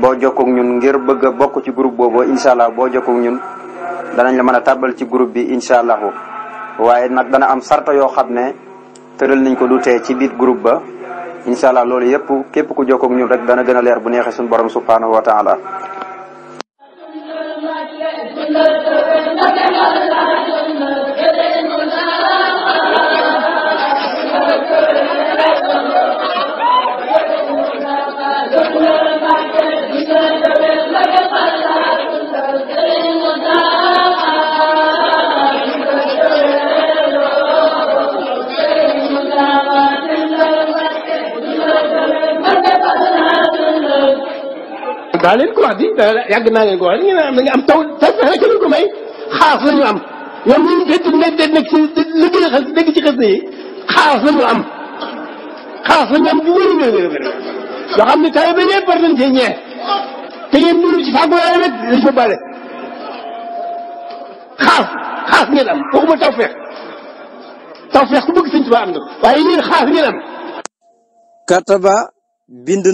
boo jokkook ñun ngir bëgg a bokk ci groupe boobu incha allah boo jokkook ñun danañ la mën a tàbbal ci groupe bi incha allahu waaye nag dana am sarta yoo xam ne tëral nañ ko du tee ci biir groupe ba incha loolu yëpp képp ku jokkook ñun rek dana gën leer bu neexee suñu borom subhanahu wa taala daa ko wax di da yàgg naa leen ko am taw taw fexe rek may xaas la ñu am ñoom ñu ngi nekk ci xas dégg xaas la ñu am xaas la ñu am bu wér wér wér yoo xam ne tawee ba ñee te ngeen dund ci fàggu yooyu bale xaas ngeen am waxuma taw feex na waaye yéen xaas ngeen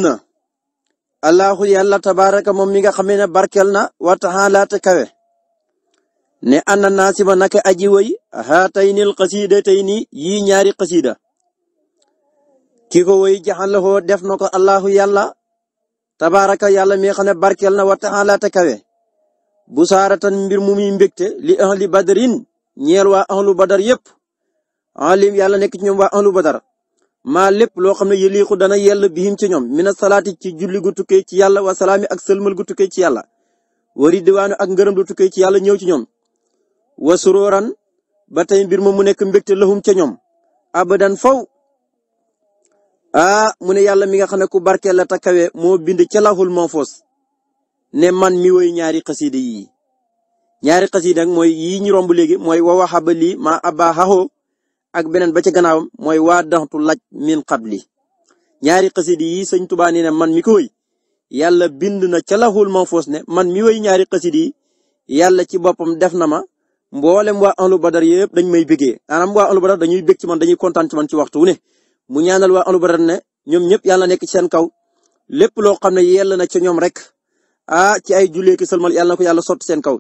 am. allahu yàlla tabaaraka moom mi nga xamee ne barkel na wa taala te kawe ne ana naasima naka aji woy haataynil xasiidatayni yii ñaari xasiida ki ko woy jaxalahoo def na ko allahu yàlla tabaaraka yàlla mi nga barkel na wa taala te kawe busaaratan mbir mu muy mbégte li ahli badrin ñeel waa ahlu badar yépp alim yàlla nekk ci ñoom waa ahlu badar maa lépp loo xam ne yëliixu dana yell bihim ci ñoom mina salaati ci julli gu tukkee ci yàlla wa salaami ak sëlmal gu tukkee ci yàlla wa ridwaanu ak ngërëm lu tukkee ci yàlla ñëw ci ñoom wa surooran ba tey mbir ma mu nekk mbégte lahum ca ñoom abadan faw aa ah, mu ne yàlla mi nga xam ne ku barkeel la takkawe moo bind ca lahul manfoos ne man mi woy ñaari xasida yi ñaari xasida mooy yi ñu romb léegi mooy wa ma abaa haxoo ak beneen ba ca gannaawam mooy waa daxtu laj min qabli ñaari xasida yi sëñ Tuubaa nee ne man mi ko wéy yàlla bind na ca laxul foos ne man mi wéy ñaari xasida yi yàlla ci boppam def na ma mboolem waa ahlu badar yëpp dañ may bëggee maanaam waa ahlu badar dañuy bëgg ci man dañuy kontaan ci ci waxtu wu ne mu ñaanal waa ahlu badar ne ñoom ñëpp yàlla nekk ci seen kaw lépp loo xam ne yella na ci ñoom rek ah ci ay jullee ki sëlmal yàlla ko yàlla sotti seen kaw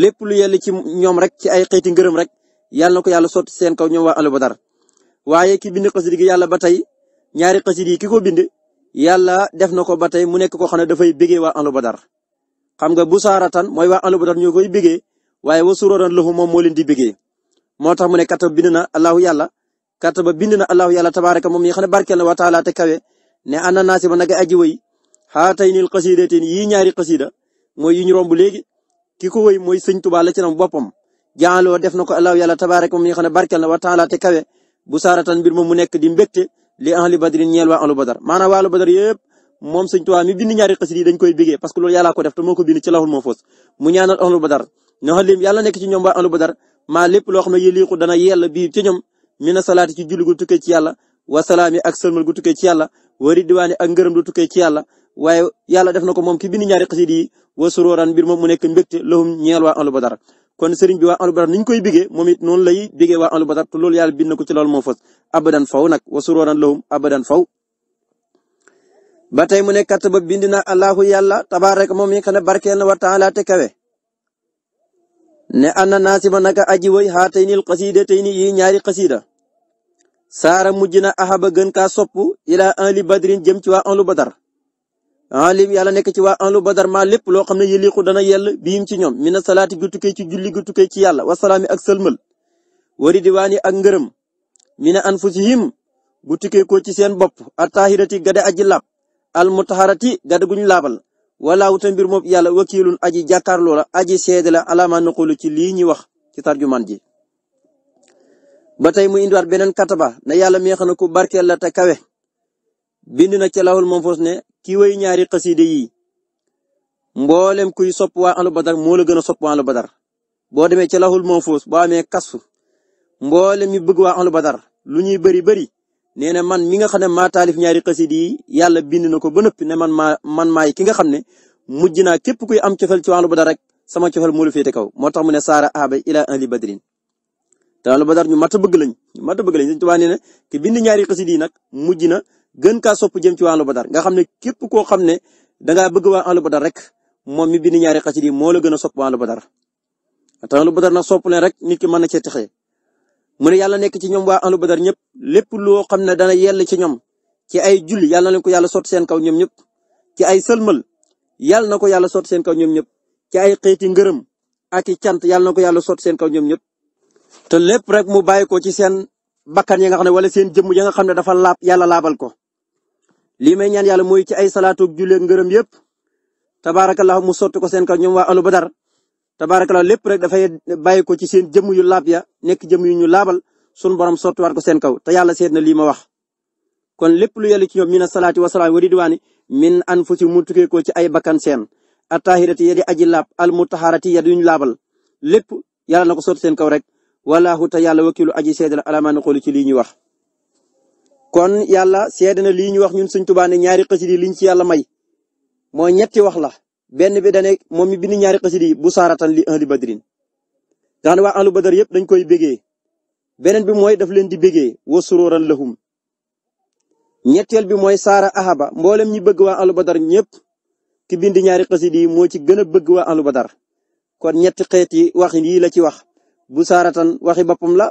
lépp lu yell ci ñoom rek ci ay xeeti ngërëm rek yàlla na ko yàlla sotti seen kaw ñoom waa alu badar waaye ki bind xasida gi yàlla ba tey ñaari xasida yi ki ko bind yàlla def na ko ba tey mu nekk koo xam ne dafay bégee waa alu badar xam nga bu tan mooy waa alu badar ñoo koy bégee waaye wa suróoran lahu moom moo leen di bégee moo tax mu ne kataba bind na allahu yàlla kataba bind na allahu yàlla tabaaraka moom yi xam ne barkeel na wa taala te kawe ne ana naasi ba nag aji way xaatay nil xasidatin yii ñaari xasida mooy yi ñu romb léegi ki ko wéy mooy sëñ Tuubaa la boppam jaaloo def na ko allahu yàlla tabaaraka moom mi nga xam ne wa taala te kawe bu nekk di mbégte li ahli badrin ñeel waa ahlu badar maanaam waa ahlu badar yëpp moom mi bind ñaari xasida dañ koy bégee parce que loolu yàllaa ko def te moo ko bind ci lawhul mahfuus mu ñaanal ahlu badar no lim waa ahlu badar maa lépp loo xam ne yëliiqu dana yell wa salaami ak sëlmal gu ci yàlla wa ridwaani ak ngërëm lu ci yàlla waaye yàlla def na ko moom ki bind ñaari xasida yi wa surooran mbir moom mu nekk mbégte lahum ñeel waa ahlu kon sëriñ bi waa ahlu badar ñu koy bigee moom it noonu lay bigee waa ahlu badar te loolu yàlla bind na ko ci loolu moo fas abadan faw nag wa sururan lahum abadan faw ba tey mu ne kataba bind na allahu yàlla tabaaraka moom mi nga xam ne barkeel na wa taala te kawe ne ana naasima naka aji tey haataynil qasidatayni yi ñaari qasida saara mujj na ahaba gën kaa sopp ila ahli badrin jëm ci waa ahlu badar alim ah, yàlla nekk ci waa ahlu badar ma lépp loo xam ne yëliqu dana yell biim ci ñoom mina salaati gu tukkee ci julli gu tukkee ci yàlla wasalaami ak sëlmal wari diwaani ak ngërëm mina anfusihim gu tukkee ko ci seen bopp atahirati gade aji laab al mutaharati gade guñ laabal walaaw te mbir moom yàlla wakiilun aji jàkkaarloo la aji seede la alaama ci lii ñuy wax ci tarjumaan ji ba tey mu indiwaat beneen kataba na yàlla meex na ku barkeel la te kawe bind na ca lawul moom ki way ñaari xaside yi mboolem kuy sopp waa ahlu badar moo la gën a sopp waa ahlu badar boo demee ci laxul manfuus boo amee kasfu mboolem ñu bëgg waa ahlu badar lu ñuy bëri bëri nee na man mi nga xam ne maa taalif ñaari xaside yi yàlla bind na ko ba nëppi ne man maa man maay ki nga xam ne mujj naa képp kuy am cofeel ci waa ahlu badar rek sama cofeel moo fi te kaw moo tax mu ne saara aaba ila ahli badrin te ahlu badar ñu mat a bëgg lañ ñu mat a bëgg na ki bind ñaari xaside yi nag mujj na gën kaa sopp jëm ci waa ahlu badar nga xam ne képp koo xam ne dangaa bëgg waa ahlu badar rek moom mi bind ñaari xasida yi moo la gën a sopp waa ahlu badar te ahlu badar na sop leen rek nit ki mën na cee texee mu ne yàlla nekk ci ñoom waa ahlu badar ñëpp lépp loo xam ne dana yell ci ñoom ci ay juli yàlla na leen ko yàlla sotti seen kaw ñoom ñëpp ci ay sëlmal yàlla na ko yàlla sot seen kaw ñoom ñëpp ci ay xeeti ngërëm ak i cant yàlla na ko yàlla sot seen kaw ñoom ñëpp te lépp rek mu bàyyi ko ci seen bakkan ya nga xam ne wala seen jëmm ya nga xam ne dafa laab yàlla laabal ko lii may ñaan yàlla mooy ci ay salaatu ak julli ak ngërëm yëpp tabaarakallahu mu sotti ko seen kaw ñoom waa alu badar tabaarakallahu lépp rek dafay bàyyi ko ci seen jëm yu laab ya nekk jëm yu ñu laabal sun borom sottiwaat ko seen kaw te yàlla seet na lii ma wax. kon lépp lu yàlla ci ñoom mina salaati wa salaam wa ridwaani min anfusi mu tukkee ko ci ay bakkan seen attahirati ya di aji laab al mutaharati ya ñu laabal lépp yàlla na ko sotti seen kaw rek walaahu te yàlla wakilu aji seedal alamaan xooli ci lii ñu wax kon yàlla seede na lii ñu wax ñun sëñ Tuubaa ne ñaari xasida yi liñ ci yàlla may mooy ñetti wax la benn bi dane moom mi bind ñaari xasida yi bu saaratan li ahli badrin nga xam ne waa ahlu badar yëpp dañ koy bégee beneen bi mooy daf leen di bégee wa suróoran lahum ñetteel bi mooy saara ahaba mboolem ñi bëgg waa ahlu badar ñëpp ki bind ñaari xasida yi moo ci gën a bëgg waa ahlu badar kon ñetti xeeti wax yi la ci wax bu saaratan waxi boppam la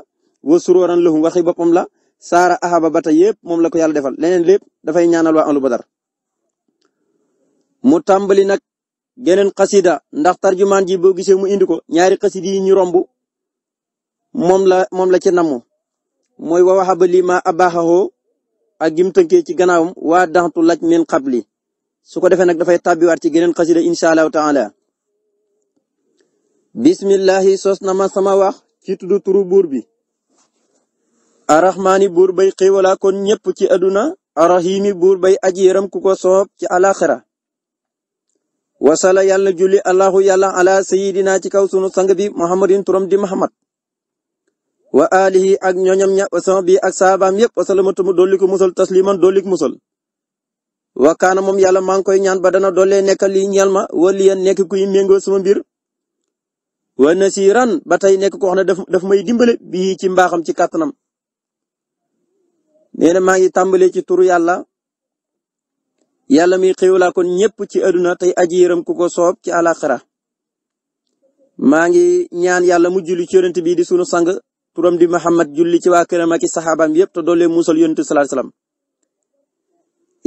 wa suróoran lahum waxi boppam la saara ahaba bata yëpp moom la ko yàlla defal leneen lépp dafay ñaanal waa ahlu badar mu tàmbali nag geneen xasida ndax tarjumaan ji boo gisee mu indi ko ñaari xasida yi ñu romb moom la moom la ci namu mooy wa waxaba lii ma abaaxaxoo ak gim tënkee ci gannaawam waa daxtu laj min xabli su ko defee nag dafay tàbbiwaat ci geneen xasida incha allahu taala bismillahi sos na ma sama wax ci tuddu turu buur bi arrahmaani buur bay xéewalaa kon ñépp ci àdduna arrahimi buur bay aji yërëm ku ko soob ci alaxira wasala yàlla na julli allahu yàlla ala sayidina ci kaw sunu sang bi muhammadin turam di muhammad wa alihi ak ñoñam ña sama bi ak saabaam yépp wasalamatu mu dolliku musal tasliman dollik musal wa kaana moom yàlla maa ngi koy ñaan dana dolle nekk li ñeel ma waliyan nekk kuy méngoo sama mbir wa nasiran ba tey nekk koo xam ne daf may dimbale bii ci mbaaxam ci kàttanam nee na maa ngi tàmbalee ci turu yàlla yàlla mi xéewlaa kon ñëpp ci àdduna te aji yërëm ku ko soob ci àllaaxira maa ngi ñaan yàlla mu julli ci yonent bi di sunu sang turam di Muhammad juli ci waa këram ak i saxaabaam yëpp te doole musal yonent sallallahu alayhi wasallam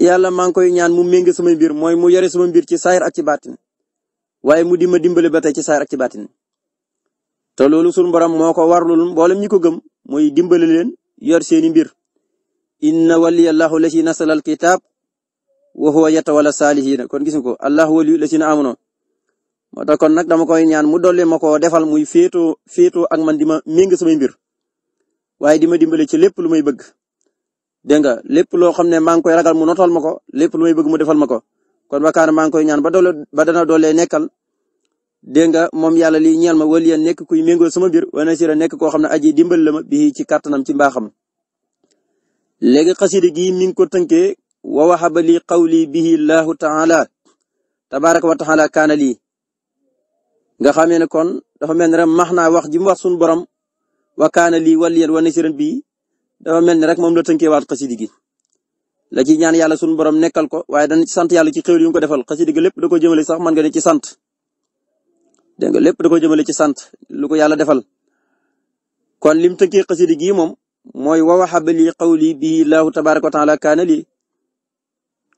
yàlla maa ngi koy ñaan mu ménge sama mbir mooy mu yore sama mbir ci saayir ak ci baatin waaye mu di ma dimbale ba tey ci saayir ak ci baatin te loolu sunu borom moo ko warlul mboolem ñi ko gëm mooy dimbale leen yor seeni mbir. inna waliyallahu la si nasala alkitab wa huwa yatawalla saalihiina kon gis ko allah waliyu la na amoon moo kon nag dama koy ñaan mu dolli ma koo defal muy féetoo féetoo ak man di ma méng samay mbir waaye di ma dimbale ci lépp lu may bëgg dégg nga lépp loo xam ne maa ngi koy ragal mu notal ma ko lépp lu may bëgg mu defal ma ko kon wakaana maa ngi koy ñaan ba doole ba dana doole nekkal nga moom yàlla lii ñeel ma waliyan nekk kuy méngoo sama mbir wana sira nekk koo xam ne aji dimbal la ma bii ci kàttanam ci mbaaxam léegi xasida gi mi ngi ko tënkee wa wahaba li qawli bihi llahu taala tabaraka wa taala kaana lii nga xamee ne kon dafa mel ni rek max naa wax ji mu wax suñu borom wa kaana lii waliyan wa nasiran bii dafa mel ni rek moom la tënkee waat xasida gi la ci ñaan yàlla suñu borom nekkal ko waaye dana ci sant yàlla ci xéwal yu ko defal xasida gi lépp da ko jëmale sax mën nga ne ci sant dégg nga lépp da jëmale ci sant lu ko yàlla defal kon lim tënkee xasida gi moom mooy wa waxaba li qawli bii laahu tabaaraka wa taala kaana lii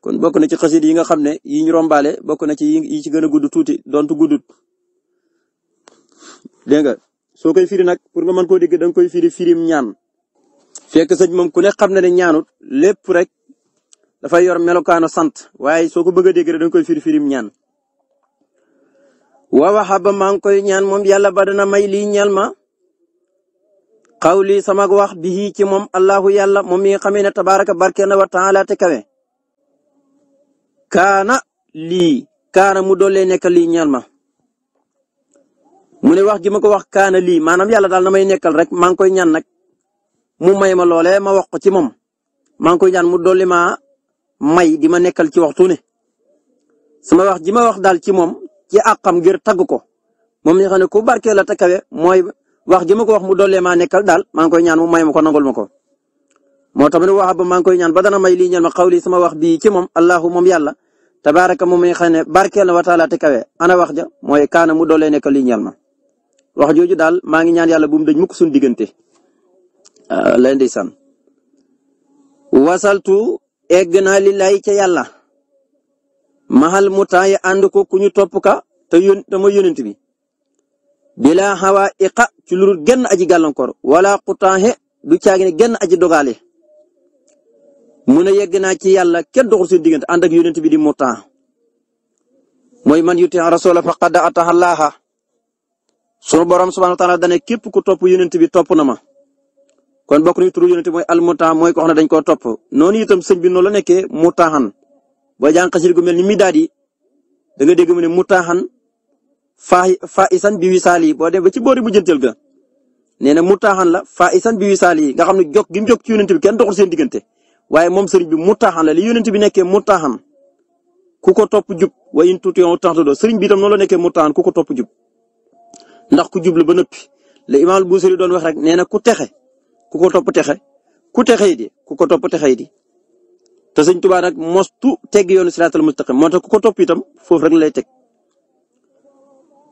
kon bokk na ci xasit yi nga xam ne yi ñu rombaale bokk na ci yi ci gën a gudd tuuti dontu guddut nga soo koy firi nag pour nga mën koo dégg da nga koy firi firim ñaan fek sëñ mom ku ne xam na ne ñaanut lépp rek dafay yor melokaano sant waaye soo ko bëgg a dégg koy firi firim ñaan wa waxaba maa koy ñaan moom yàlla ba may lii ñal xawli sama wax bii ci moom allahu yàlla moom mi nga xamee ne tabaaraka barke na wa taala te kawe. kaana lii kaana mu doole nekk lii ñaan ma. mu ne wax ji ma ko wax kaana lii maanaam yàlla daal na may nekkal rek maa ngi koy ñaan nag mu may ma loolee ma wax ko ci moom maa ngi koy ñaan mu dolli maa may di ma nekkal ci waxtu ne sama wax ji ma wax daal ci moom ci àqam ngir tagg ko moom mi ku barkeel la kawe mooy wax jëma ko wax mu dollee maa nekal daal maa koy ñaan mu may ma ko nangul ma ko moo tax mu ne wax ba maa ngi koy ñaan ba dana may lii ñel ma xawli sama wax bi ci mom allahu moom yàlla tabaaraka moom mi nga xam ne barkeel na wa te kawe ana wax ja mooy kaana mu dollee nekkal lii ñel ma wax jooju daal maa ngi ñaan yàlla bu mu dëj mukk suñu diggante ah, lay ndeysaan wasaltu egg naa lillaay ca yàlla mahal mu taay ànd ko ku ñu topp ka te yón te mooy yónent bi bila xawa iqa ci lu genn aji gàllankoor wala xutaaxe du caagi ne genn aji dogaale mu ne yegg naa ci yàlla kenn doxul seen diggante ànd ak bi di mutaa mooy man yuti rasula faqad ataha allaha sunu borom subhanahu wa taala dane képp ku topp yonent bi topp na ma kon bokk nañu turu yonent mooy al mutaa mooy ko xam ne dañ koo topp noonu itam sëñ bi noonu la nekkee mutaaxan boo jàng xasir ni midaadi da nga dégg mu ne faa faa isan bi wisaal yi boo dem ba ci boori bu jënteel ga nee na mu taaxaan la faa isan bi wisaal yi nga xam ne jokk gi mu ci yonent bi kenn doxul seen diggante waaye mom sëriñ bi mu taaxaan la li yonent bi nekkee mu taaxaan ku ko top jub waaye in tuuti yow tax doo sëriñ bi itam noonu la nekkee mu taaxaan ku ko topp jub ndax ku jub la ba nëppi la imaam bu Buusiri doon wax rek nee na ku texe ku ko topp texe ku texe di ku ko topp texee di te sëñ Tuubaa nag mostu tegg yoonu siraatal mustaqim moo tax ku ko topp itam foofu rek lay teg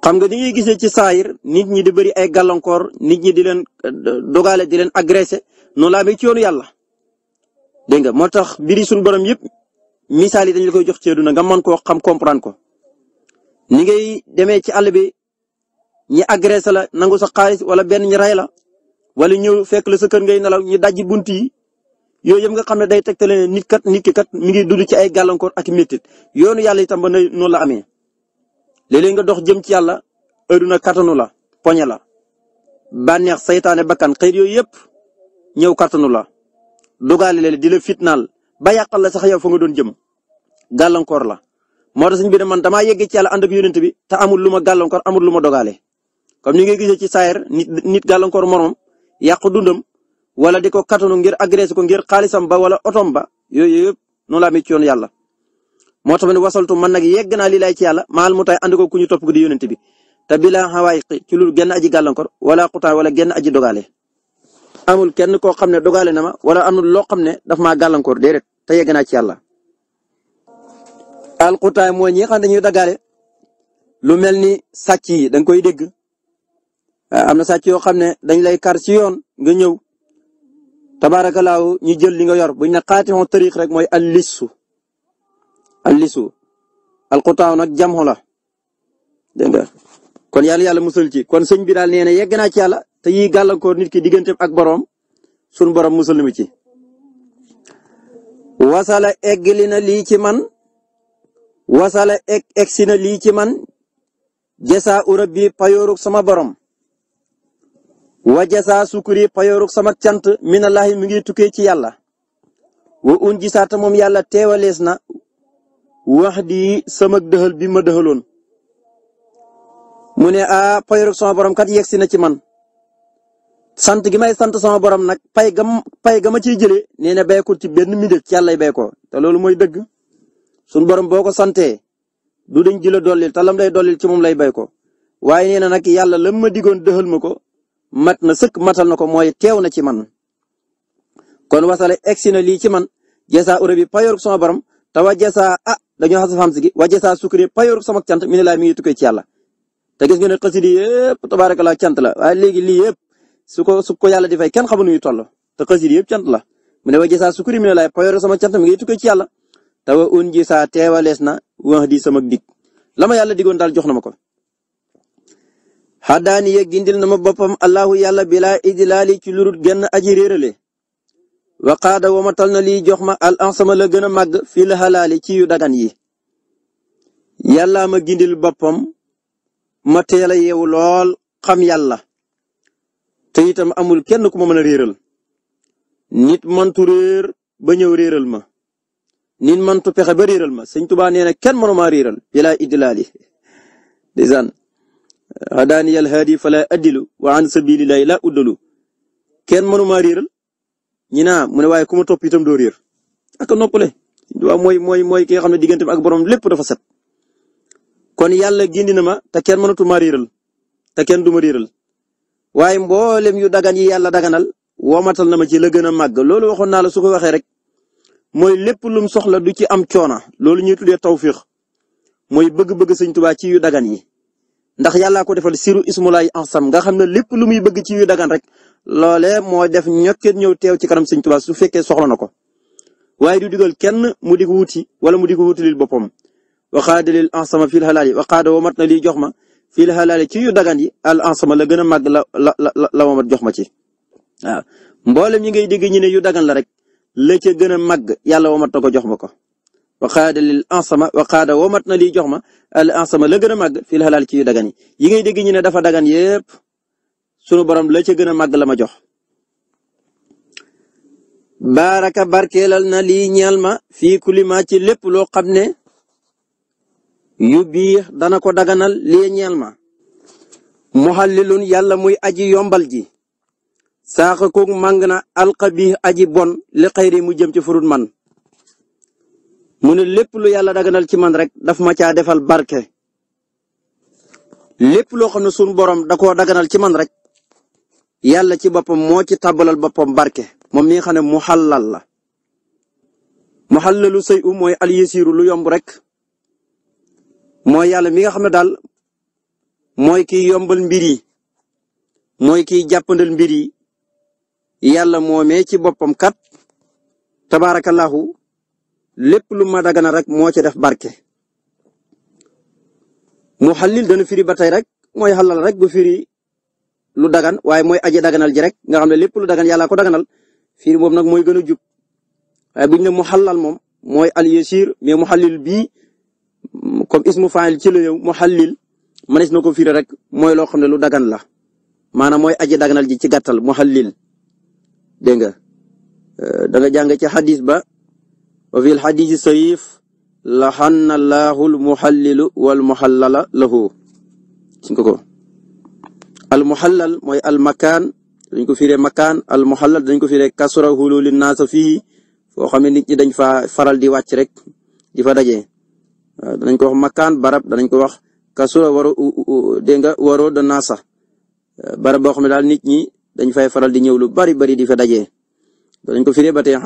xam nga ni ñuy gisee ci saayir nit ñi di bëri ay gàllankoor nit ñi di leen eh, dogale di leen agressé noonu la amee ci yoonu yàlla dégg nga moo tax biri suñu borom yëpp misaal yi dañ la koy jox ci àddina nga man koo xam comprendre ko ni ngay demee ci àll bi ñi agressé la nangu sa xaalis wala benn ñi ray la wala ñëw fekk la sa kër ngay nelaw ñi dajji bunt yi yooyu yëpp nga xam ne day tegtale ne nit kat nit ngi dund ci ay gàllankoor ak métit yoonu yàlla itam ba noonu la amee léeg nga dox jëm ci yàlla ëdduna kattanu la poñe la bànneex saytaane bakkan xëy yooyu yëpp ñëw kattanu la dugaale leen di la fitnaal ba yàqal la sax yow fa nga doon jëm gàllankoor la moo tax sëñ bi man damaa yeggee ci yàlla ànd ak yonent bi te amul lu ma gàllankoor amul lu ma dogaale. comme ni nga gisee ci saayir nit nit gàllankoor moromam yàq dundam wala di ko kattanu ngir agressé ko ngir xaalisam ba wala otom ba yooyu yëpp noonu laa amee ci yoon yàlla. moo tax ma ne wasaltu man nag yegg naa lilay laay ci yàlla maal mu tay ànd ko ku ñu topp ko di yónent bi te bila xawaayiq ci lu genn aji gàllankoor wala xutaa wala genn aji dogaale. amul kenn koo xam ne dogaale na wala amul loo xam ne daf maa gàllankoor déedéet te yegg naa ci yàlla. al xutaay mooy ñi nga xam ne dañuy lu mel ni sàcc yi da koy dégg ah, am na sàcc yoo xam ne dañ lay kar si yoon nga ñëw tabaarakalaaw ñu jël li nga yor buñ ne xaati tariq rek mooy al lissu al lisu alxutaaw nag jamxu kon yàlla yàlla musal ci kon sëñ bi daal nee na yegg naa ci yàlla te yiy gàllankoor nit ki digganteem ak boroom sun boroom musal na mi ci. wasala eggali na ci man wasala egg egsi na lii ci man jasaa urab bi payooruk sama borom wa jasaa sukuri payooruk sama cant minallahi mi ngi tukkee ci yàlla. wa un gisaata moom yàlla teewalees na wax di sama dëxal bi ma dëxaloon mu ne a payorog sama borom kat yegsi na ci man sant gi may sant sama borom nag pay gam pay ga ma ciy jëlee nee na baykul ci benn minute ci yàlla bayko ko te loolu mooy dëgg suñ borom boo ko santee du dañ ji la dollil te lam lay dollil ci moom lay bayko ko waaye nee na nag yàlla lam ma digoon dëxal ma ko mat na sëkk matal na ko mooy teew na ci man kon wasale egsi na lii ci man jeesa urabi tawa jeesa ah dañoo xas a xam si gi wàcce saa sukri payoor sama cant mi ne laa mi ngi tukkee ci yàlla te gis nga ne xasida yëpp tabaarakallaa cant la waaye léegi lii yëpp su ko su ko yàlla di fay kenn xamu nu ñu toll te xasida yëpp cant la mu ne wàcce saa sukri mi ne laay payoor sama cant mi ngi tukkee ci yàlla te wa saa teewalees na wax di sama dig lama yàlla digoon daal jox na ma ko. xadaani ya gindil na ma boppam allahu yàlla bilaa idlaali ci lurut genn aji réerale waqaada womatal na lii jox ma al ansama la gën a màgg fii la xalaali ci yu dagan yi yàllaa ma gindil boppam ma teel a yeewu lool xam yàlla te itam amul kenn ku ma mën a réeral nit mantu réer ba ñëw réeral ma nit mantu pexe ba réeral ma sëñ Tuubaa nee kenn mënu maa réeral bilaa idlaali disaan hadaani al haadi fala adilu wa an sabilillahi la uddalu kenn mënuma maa ñi naa mu ne waaye ku ma topp itam doo réer aka a noppale waaw mooy mooy mooy ki nga xam ne diggante ak borom lépp dafa set kon yàlla gindi na ma te kenn mënatu ma réeral te kenn du ma réeral waaye mboolem yu dagan yi yàlla daganal woomatal na ma ci la gën a màgg loolu waxoon naa la su ko waxee rek mooy lépp lum soxla du ci am coona loolu ñuy tuddee tawfiix mooy bëgg-bëgg sëñ Tuubaa ci yu dagan yi ndax yàllaa ko defal siru ismulaay ansam nga xam na lépp lu muy bëgg ci yu dagan rek loolee moo def ñokket ñëw teew ci kanam sëñ Tuubaa su fekkee soxla na ko waaye du digal kenn mu di ko wuti wala mu di ko wuti lil boppam waxaada lil ansama fil xalaali waxaada womat na lii jox ma fil xalaali ci yu dagan yi al ansama la gën a màgg la la la la womat jox ma ci waaw mboolem ñi ngay dégg ñu ne yu dagan la rek la ca gën a màgg yàlla womat na ko jox ma ko waxaada lil ansama waxaada womat na li jox ma al ansama la gën a màgg fil xalaal ci yu yi yi ngay dégg ñu ne dafa dagan yépp sunu borom la ca gën a màgg la ma jox. baraka barkeelal na lii ñeel ma fii kulli ci lépp loo xam ne yu biix dana ko daganal lii ñeel ma. muhallilun yàlla muy aji yombal ji. saaxa koog màng na alqabiix aji bon li xayri mu jëm ci furut man. mu ne lépp lu yàlla daganal ci man rek daf ma caa defal barke lépp loo xam ne sunu borom da koo daganal ci man rek yàlla ci boppam moo ci tàbbalal boppam barke moom mi xam ne mu xallal la mu xallalu sëy u mooy alyasiru lu yomb rek mooy yàlla mi nga xam ne daal mooy kiy yombal mbir yi mooy kiy jàppandal mbir yi yàlla moomee ci boppam kat tabaarakallaahu lépp lu ma daganal rek moo ci def barke. mu xallil dana firi ba tey rek moy xalal rek bu firi lu dagan waaye mooy aji daganal ji rek nga xam ne lépp lu dagan yàlla ko daganal firi moom nag mooy gën a jub waaye bu mu xalal moom mooy al yasir mu xallil bii comme ismu faayil ci la yow mu xallil mënees na ko firi rek mooy loo xam ne lu dagan la maanaam mooy aji daganal ji ci gàttal mu xallil dégg nga da nga jàng ci xadis ba. wa fil xadiisi sarif laxanna laahu almuxallilu wal muxallala lahu suñ ko ko almuxallal mooy almakaan dañ ko firee makaan almuxallal dañ ko firee kasra hululi naasa fii foo xam ne nit ñi dañ fa faral di wàcc rek di fa daje waaw ko wax barab danañ ko wax kasura waro dégg nga waroo da naasa barab boo xam ne daal nit ñi dañ fay faral di ñëw lu bari bari di fa daje ko firee ba tey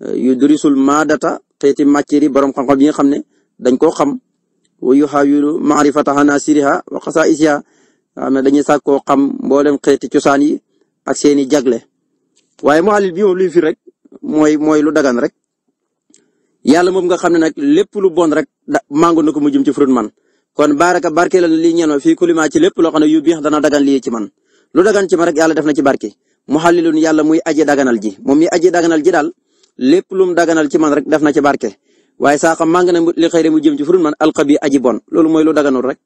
Eh, yu durisul maadata xeeti matière yi borom xam yi nga xam ne dañ koo xam wa yu xaawilu maarifataha nasiriha wa xasaisiha xam ne dañuy sàkkoo xam mboolem xeeti cosaan yi ak seeni jagle waaye muhallil bi moom luy fi rek mooy lu dagan rek yàlla moom nga xam ne nag lépp lu bon rek da màngu na ko mu jëm ci furut man kon baraka barke la li ñeen ma fii kulima ci lépp loo xam ne yu biex dana dagan lii ci man lu dagan ci man rek yàlla def na ci barke muhallilun yàlla muy aji daganal ji moom lépp lu mu daganal ci man rek def na ci barke waaye saxa xam màng na li xëy mu jëm ci furun man alxabi aji bon loolu mooy lu daganut rek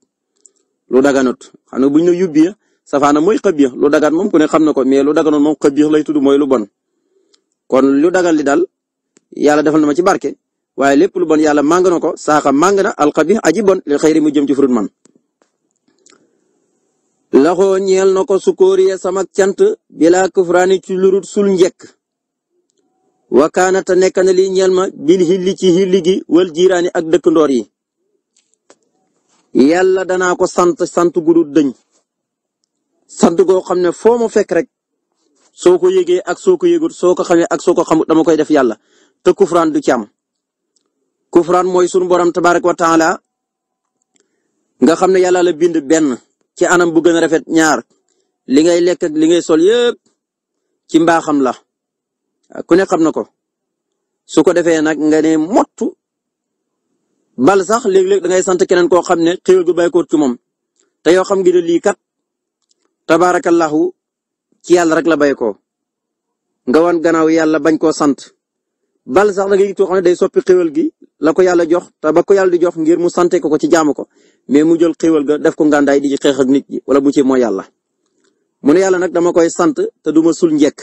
lu daganut xam nga bu ñu la yóbbee safaana mooy xabiix lu dagan moom ku ne xam na ko mais lu daganut moom xabiix lay tudd moy lu bon kon lu dagan li dal yàlla defal na ma ci barke waaye lépp lu bon yàlla màng na ko saa xam màng na alxabi aji bon li xëy mu jëm ci furun man. laxoo ñeel na ko sama cant bilaa kufraani ci sul njekk wakaana te nekk na lii ñeel ma bil xilli ci xilli gi wal jiiraani ak dëkkandoor yi yàlla danaa ko sant sant gu dul dëñ sant xam ne foo ma fekk rek soo ko yëgee ak soo ko yëgut soo ko xamee ak soo ko xamut dama koy def yàlla te kufraan du ci am kufraan mooy sunu borom tabaaraka nga xam ne yàlla la bind benn ci anam bu gën a rafet ñaar li ngay lekk li ngay sol yépp ci mbaaxam la ku ne xam na ko su ko defee nag nga ne mottu bal sax léeg-léeg da ngay sant keneen koo xam ne xéwal gu bay ko ci moom te yoo xam ngi ne lii kat tabaarakallahu ci yàlla rek la bay ko nga wan gannaaw yàlla bañ koo sant bal sax da ngay gis xam ne day soppi xéwal gi la ko yàlla jox te ba ko yàlla di jox ngir mu sante ko ko ci jaamu ko mais mu jël xéwal ga def ko ngàndaay di ci xeex nit wala mu ci moo yàlla mu ne yàlla nag dama koy sant te du ma sul njekk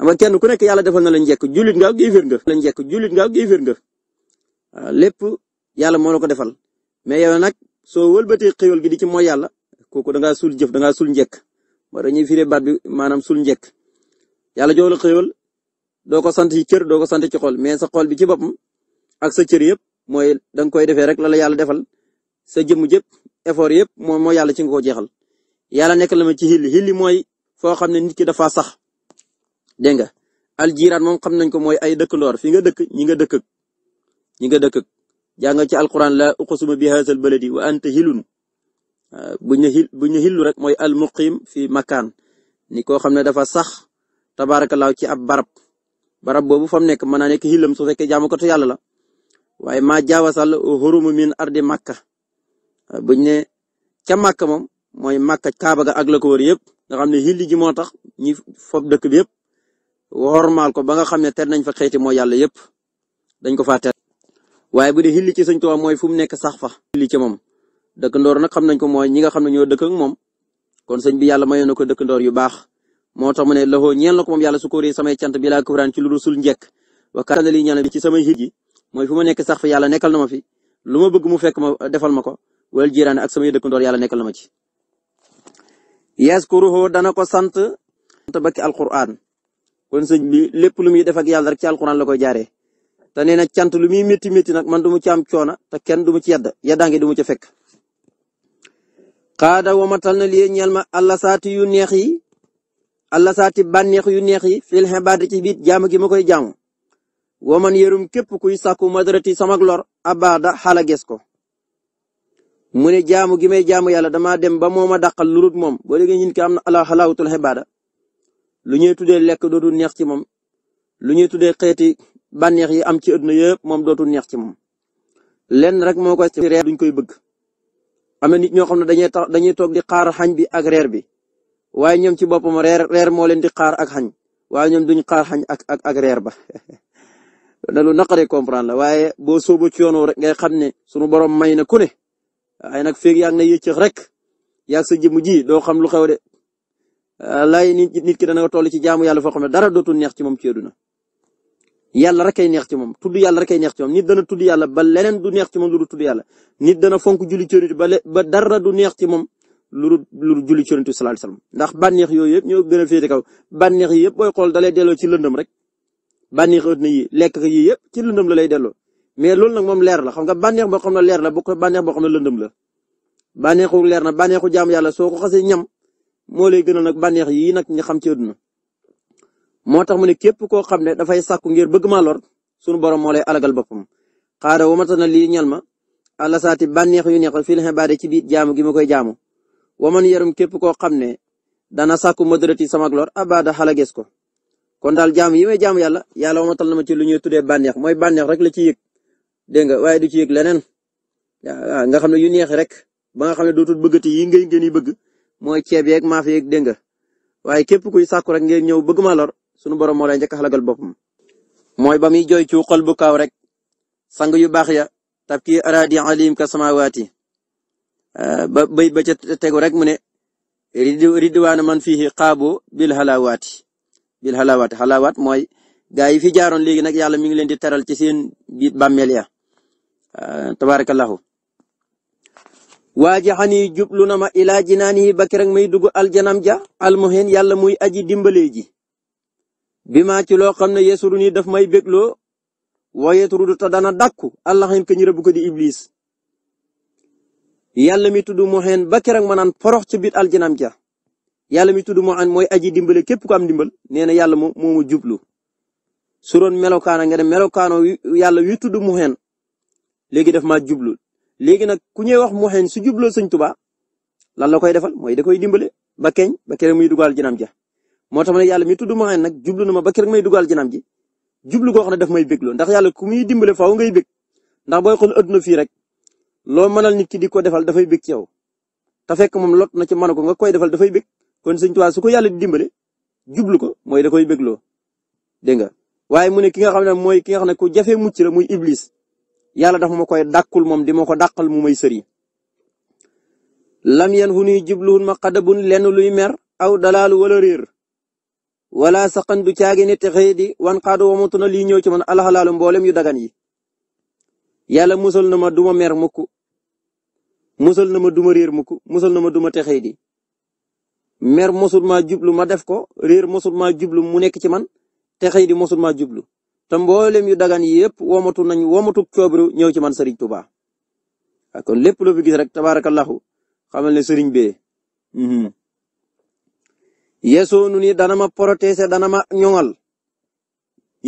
ama kenn ku nekk yàlla defal na la njekk jullit nga ak yéefér nga la njëkk jullit nga ak yéefér lépp yàlla moo la ko defal mais yow nag soo wëlbatee xéwal gi di ci mooy yàlla kooku da ngaa suul jëf da ngaa suul njëkk moo dañuy firee baat bi maanaam suul njekk yàlla jox la xéwal doo ko sant ci cër doo ko sant ci xool mais sa xool bi ci bopp ak sa cër yëpp mooy da koy defee rek la la yàlla defal sa jëm jëpp effort yëpp moom moo yàlla ci nga ko jeexal yàlla nekk la ma ci xilli xilli mooy foo xam ne nit ki dafa sax dégg nga aljiraan moom xam nañ ko mooy ay dëkkloor fi nga dëkk ñi nga dëkk ñi nga dëkk jàng ci alquran la uqsimu bi haazal baladi wa anta hilun bu hil bu ñu hillu rek mooy al muqim fi makaan ni koo xam ne dafa sax tabaarakallaahu ci ab barab barab boobu fa mu nekk mën naa nekk hilam su fekkee jaamu ko te yàlla la waaye maa jaawasal hurumu min ardi makka bu ñu ne ca makka moom mooy makka kaaba ga ak la ko wër yëpp nga xam ne hilli ji moo tax ñi fob dëkk bi yëpp. wormaal ko ba nga xam ne ter nañ fa xeeti mooy yàlla yépp dañ ko faa ter waaye bu dee xilli ci sëñ Tuubaa mooy fu mu nekk sax fa xilli ci moom dëkkandoor na xam nañ ko mooy ñi nga xam ne ñoo dëkk ak moom kon sëñ bi yàlla mayoon na ko dëkkandoor yu baax moo ta mu ne loxo ñeel na ko moom yàlla su ko réer samay cant bi laa kufraan ci lu dul njekk wakkaana li ñaan bi ci samay xij yi mooy fu ma nekk sax fa yàlla nekkal na ma fi lu ma bëgg mu fekk ma defal ma ko wala jiiraane ak samay dëkkandoor yàlla nekkal na ma ci yaskuruhu dana ko sant baki alquran kon sëñ bi lépp lu muy def ak yàlla rek ci alxuraan la koy jaare te nee na cant lu muy métti métti nag man du mu ci am coona te kenn du mu ci yedd yeddaange du mu ca fekk. xaada womatal na lii ñal ma alla saati yu neex yi alla saati bànneex yu neex yi fil xibaad ci biit jaamu gi ma koy jaamu. woman yërum képp kuy sàkku madarati sama lor abada xala ges ko. mu ne gi may jaamu yàlla dama dem ba mooma dàqal lurut moom boo léegi ñun ki am na ala xalaawatul xibaada lu ñuy tuddee lekk dootul neex ci moom lu ñuy tuddee xeeti bànneex yi am ci na yëpp moom dootul neex ci moom lenn rek moo koy ci reer duñ koy bëgg am na nit ñoo xam ne dañuy tax dañuy toog di xaar xañ bi ak reer bi waaye ñoom ci boppam reer reer moo leen di xaar ak xañ waaye ñom duñ xaar xañ ak ak ak reer ba da lu naqaree comprendre la waaye boo sóoboo ci yoon rek ngay xam ne sunu borom may na ku waye waaye nag feeg yaa ngi ne rek yaa sa ji doo xam lu xew de Euh, lay nit nit ki dana toll ci jaamu yàlla foo xam ne dara dootul neex ci moom ci àddina yàlla rek kay neex ci moom tudd yàlla rek kay neex ci moom nit dana tudd yàlla ba leneen du neex ci moom lu dul tudd yàlla nit dana fonk julli ci yonent ba ba dara du neex ci moom lu dul lu dul julli ci yonent sallallahu alayhi wasallam ndax bànneex yooyu yëpp ñoo gën a féete kaw bànneex yi yëpp booy xool dalay delloo ci lëndëm rek bànneex àddina yi lekk yi yëpp ci lëndëm la lay delloo mais loolu nag moom leer la xam nga bànneex boo xam ne leer la bokk bànneex boo xam ne lëndëm la bànneexu leer na bànneexu jaam yàlla soo xasee ñam moo lay gënal nag baneex yii nag ñu xam ci àdduna moo tax mu ne képp koo xam ne dafay sàkku ngir bëgg maa lor sunu boro moo lay alagal boppam xaara wamata na lii ñal ma àlla saati bànneex yu neex fil xibaade ci biir jaamu gi ma koy jaamu waman yarum képp koo xam ne dana sàkku madarati sama lor abada xalages ko kon daal jaamu yi may jaamu yàlla yàlla wamatal na ma ci lu ñuy tuddee bànneex mooy bànneex rek la ci yëg dégg nga waaye du ci yëg leneen nga xam ne yu neex rek ba nga xam ne dootul bëggati yi ngay ngeen yi bëgg mooy ceeb yeeg maaf yeeg dégg nga waaye képp kuy sàkku rek ngeen ñëw bëgg ma lor sunu borom moo lay njëkk a xalagal mooy ba muy jooy ci xol bu kaaw rek sang yu baax ya tabki aradi alim ka samawaati eh, ba bay tegu rek mu ne ridwaana man fii xaabu bil halawaati bil halawaati halawaat mooy gaa yi fi jaaroon léegi nag yàlla mi ngi leen di teral ci seen biit bàmmeel ya eh, tabarakallahu waajaxanii jublu na ma ilaa jinaanihi ba keroog may dugg aljanam ja almuhin yàlla muy aji dimbale ji bi loo xam ne yesuru ni daf may bégloo wayetrudu te dana dàkku allaxin ke ñu rëbb di iblis yàlla mi tudd muhin ba keroog ma naan porox ci biir aljanam ja yalla mi tudd muhin mooy aji dimbale képp ku am dimbal nee na yàlla moo moo ma jublu su doon melokaana nga dem melokaano yàlla wi tudd muhin léegi daf ma jublu léegi nag ku ñuy wax muhin su jubloo sëñ Tuubaa lan la koy defal mooy da koy dimbale ba keñ ba keroog muy dugal janaam ja moo tax ne yàlla mi tudd muhin nag jublu na ma ba keroog may dugal janaam ji jublu goo xam ne daf may bégloo ndax yàlla ku muy dimbale faaw ngay bég ndax booy xool aduna fii rek loo mënal nit ki di ko defal dafay bég ci yow te fekk moom lot na ci mën ko nga koy defal dafay bég kon sëñ Tuubaa su ko yàlla di dimbale jublu ko mooy da koy bégloo dégg nga waaye mu ne ki nga xam ne mooy ki nga xam ne ku jafe mucc la muy iblis yàlla daf ma koy dàkkul moom di ma ko dàqal mu may sëri lam yan fu nuy jubluun ma xadabun lenn luy mer aw dalaalu wala réer wala saqan du caagi ne texee di wan xaadu wamatu na lii ñëw ci man alxalaalu mboolem yu dagan yi yàlla musal na ma duma mer mukk musal na ma duma réer mukk musal na ma duma texee di mer mosul maa jublu ma def ko réer mosul maa jublu mu nekk ci man texee di mosul maa jublu te mboolem yu dagan yëpp womatu nañ womatu coobru ñëw ci man Serigne Touba kon lépp loo fi gis rek tabaarakallaahu xamal ne Serigne bee. Mhm. yesoonu ni dana ma protéger dana ma ñoŋal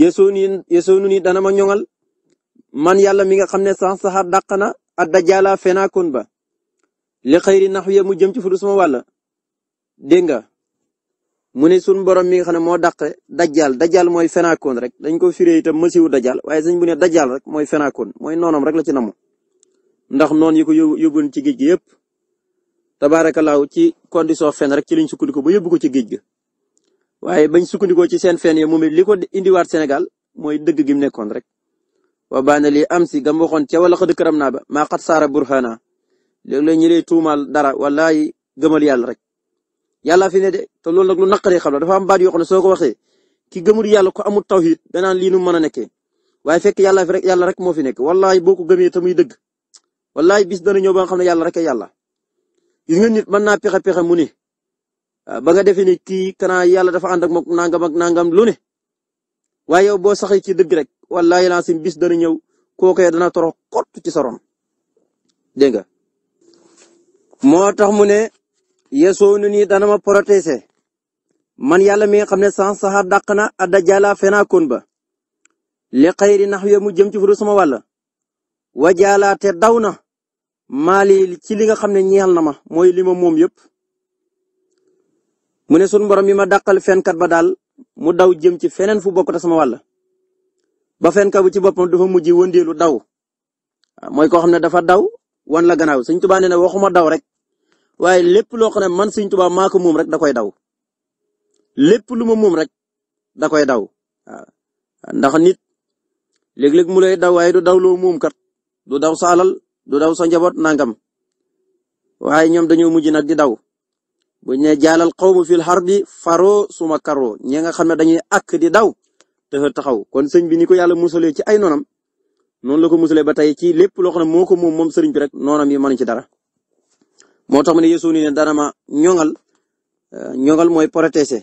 yesoonu yesoonu ni dana ma ñoŋal man yàlla mi nga xam ne sans saxaar dàq na addajaala fenaakoon ba li xëyri nax ya mu jëm ci fu du sama wàll dégg nga mu ne sunu borom mi nga xam ne moo dàq dajjal dajjal mooy fenaakoon rek dañ ko firee itam masiwu dajjal waaye sëñ bu ne dajjal rek mooy fenaakoon mooy noonam rek la ci ndax noon yi ko yóbbuwoon ci géej gi yëpp tabaarakallaahu ci condition fen rek ci lañ sukkandiku ba yóbbu ko ci géej ga waaye bañ sukkandikoo ci seen fen yi moom it li ko indiwaat Sénégal mooy dëgg gi mu nekkoon rek wa li lii am si gam waxoon ca wala xëdd këram naa ba maa xat saara burhana léeg-léeg ñi lay tuumaal dara wallaay gëmal yàlla rek yàlla fi ne de te loolu nag lu naqaree xam la dafa am baat yoo xam ne soo ko waxee ki gëmul yàlla ko amul tawhid danaan lii nu mën a nekkee waaye fekk yàlla fi rek yàlla rek moo fi nekk wallaay boo ko gëmee te muy dëgg wallaay bis dana ñëw ba nga xam ne yàlla rek yàlla gis nga nit mën naa pexe pexe mu ne ba nga defee ni kii kanaa yàlla dafa ànd ak moom nangam ak nangam lu ne waaye yow boo saxee ci dëgg rek wallaay laa sim bis dana ñëw kookee dana toro kott ci sa ron tax mu yesoo nu nii dana ma protéger man yàlla mi nga xam ne sans saxa dàq na adda jala fenaakoon ba li xayri nax ya mu jëm ci furu sama walla wa jala te daw na maali ci li nga xam ne ñeel na ma mooy li ma moom yëpp mu ne sunu borom mi ma dàqal fenkat ba daal mu daw jëm ci feneen fu bokk sama walla ba fenkat bu ci boppam dafa mujj wëndeelu daw mooy koo xam ne dafa daw wan la gannaaw Sëñ Tuubaa nee na waxuma daw rek waaye lépp loo xam ne man Sëriñ Tuubaa maa ko moom rek da koy daw lépp lu ma moom rek da koy daw ndax nit léeg-léeg mu lay daw waaye du daw loo moom kat du daw sa du daw sa njaboot nangam waaye ñoom dañoo mujj nag di daw bu ñu nee jaalal xawmu fil harbi faroo suma karoo ñi nga xam ne dañuy àkk di daw te taxaw kon sëñ bi ni ko yàlla musalee ci ay noonam noonu la ko musalee ba ci lépp loo xam ne moo ko moom moom sëriñ bi rek noonam yi mënuñ ci dara. moo tax mu ne yesu ni ma ñoŋal euh, ñoŋal mooy protéger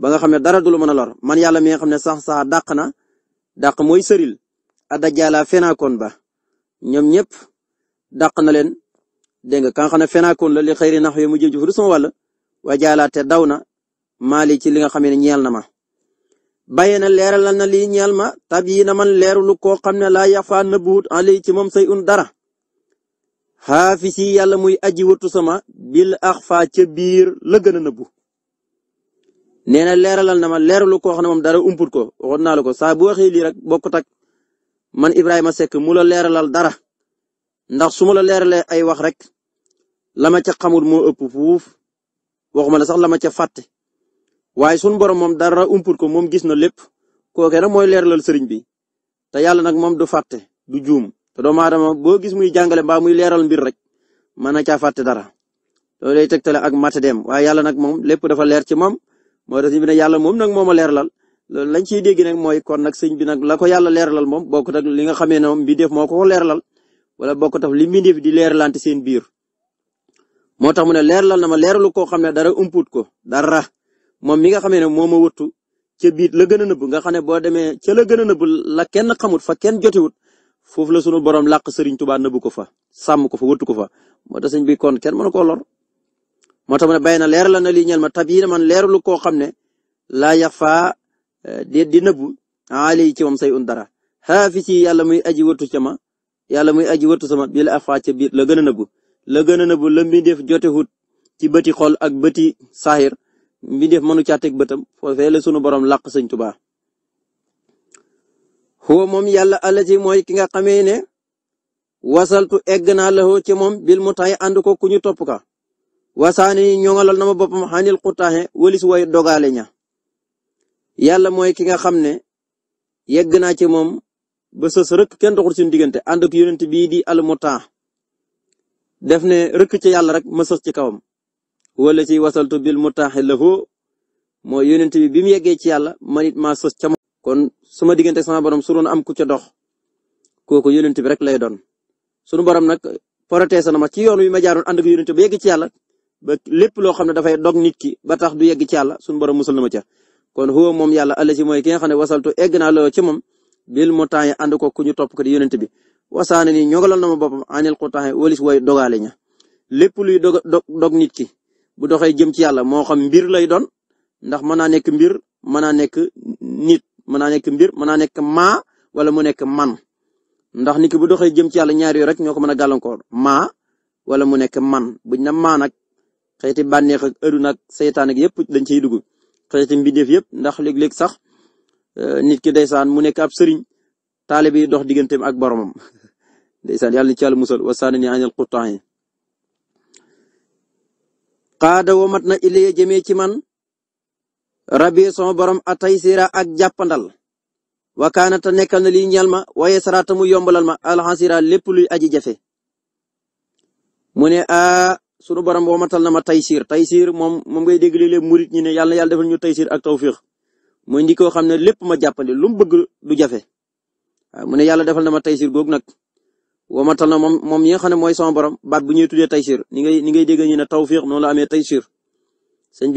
ba nga xam ne dara du la mën a lor man yàlla mi nga xam ne sax sax dàq na dàq mooy sëril addajaala fenaakoon ba ñoom ñëpp dàq na leen dégg nga kan xam ne fenaakoon la li xëyri nax yooyu mu jëm ci fu du daw na maali ci li nga xam ne ñeel na ma bàyyee na leeralal na lii ñeel ma tab na man leerulu koo xam ne laa yaxfaa nëbbuut ali ci moom say un dara xaafisi yàlla muy aji wattu sama bil axfa ca biir la gën a nëbbu nee na leeralal na ma leeralu koo xam ne moom dara umput ko waxoon naa la ko saa bu waxee lii rek bokkut ak man Ibrahima Seck mu la leeralal dara ndax su ma la leeralee ay wax rek la ma ca xamul moo ëpp fuuf waxuma la sax la ma ca fàtte waaye sunu borom moom dara umput ko moom gis na lépp kooke mooy leeralal sëriñ bi te yàlla nag moom du fàtte du juum. te doomu aadama boo gis muy jàngale mbaa muy leeral mbir rek mën na caa fàtte dara loolu lay tegtale ak matadeem waaye yàlla nag moom lépp dafa leer ci moom moo tax bi ne yàlla moom nag moo ma leeralal lañ ciy dégg nag mooy kon nag sëñ bi nag la ko yàlla leeralal moom bokkut ak li nga xamee ne moom mbindeef moo ko leeralal wala bokkut ak li mbindeef di leeralante seen biir. moo tax mu ne leeralal na ma leeralu koo xam ne dara umput ko dara moom mi nga xamee ne moo ma wëttu ca biit la gën a nëbb nga xam ne boo demee ca la gën a nëbb la kenn xamut fa kenn jotiwut foofu la sunu borom làq Serigne Touba nëbbu ko fa sàmm ko fa wëttu ko fa moo tax sëñ bi kon kenn mënu koo lor moo tax mu ne bay na leer la na lii ñel ma tab yi ne man leerlu koo xam ne laa yax eh, di di nëbbu aali sey moom say un dara xaafi ci yàlla muy aji wëttu ca ma yàlla muy aji wëttu sama bii la afaa ca la gën a nëbbu la gën a nëbbu la mbindeef jotewut ci bëti xol ak bëti saahir mbindeef mënu caa teg bëtam foofee la sunu borom làq sëñ Touba huwa moom yàlla ci mooy ki nga xamee ne wasaltu egg naa lahoo ci moom bil mu taay ànd ko ku ñu topp ka wasaani ñoŋalal na ma boppam xanil xutaaxe walis way dogaale ña yàlla mooy ki nga xam ne yegg naa ci moom ba sës rëkk kenn doxul suñu diggante ànd ak bii di al mu taa def ne rëkk ci yàlla rek ma sës ci kawam wala ci wasaltu bil mu taaxe lahoo mooy yonent bi bi mu yeggee ci yàlla man it maa kon suma diggante sama borom su am ku ca dox kooku yonent bi rek lay doon sunu borom nag protéger na ma ci yoon wi ma jaaroon ànd yonet yonent ba ci yàlla ba lépp loo xam ne dafay dog nit ki ba tax du yegg ci yàlla sunu borom musal na ma ca. kon huwa moom yàlla àll ci mooy ki nga xam ne wasaltu egg naa loo moom bil mu temps yi ko ku ñu topp ko di bi wasaane ni ñogalal na ma boppam anil ko temps yi walis way dogaale ña lépp luy dog dog nit ki bu doxee jëm ci yàlla moo xam mbir lay doon ndax mën naa nekk mbir mën naa nekk nit mën naa nekk mbir mën naa nekk maa wala mu nekk man ndax nit ki bu doxee jem ci yàlla ñaar yooyu rek ñoo ko mën a gàllankoor maa wala mu nekk man buñ na maa nag xeeti bànneex ak ëddu nag seytaan ak yëpp dañ ciy dugg xeeti mbindeef yëpp ndax léeg-léeg sax euh, nit ki ndeysaan mu nekk ab sëriñ taalibe yi dox digganteem ak boromam ndeysaan yàlla ni ci yàlla musal wasaanani anil qutaan qaada womat na ilayya jëmee ci man rabbi sama borom atay sira ak jàppandal wakaana te nekkal na lii ñeel ma waaye saraata mu yombalal ma alxasira lépp luy aji jafe mu ne a sunu borom womatal na ma taysiir taysiir moom moom ngay dégg léeg-léeg murit ñi ne yàlla yàlla defal ñu taysiir ak tawfiix mooy ndi koo xam lépp ma jàppandi lu mu bëgg du jafe waaw mu ne yàlla defal na ma taysiir googu nag womatal na moom moom yi nga xam ne mooy sama borom baat bu ñuy tuddee taysiir ni ngay ni ngay dégg ñu ne tawfiix noonu la amee taysiir sëñ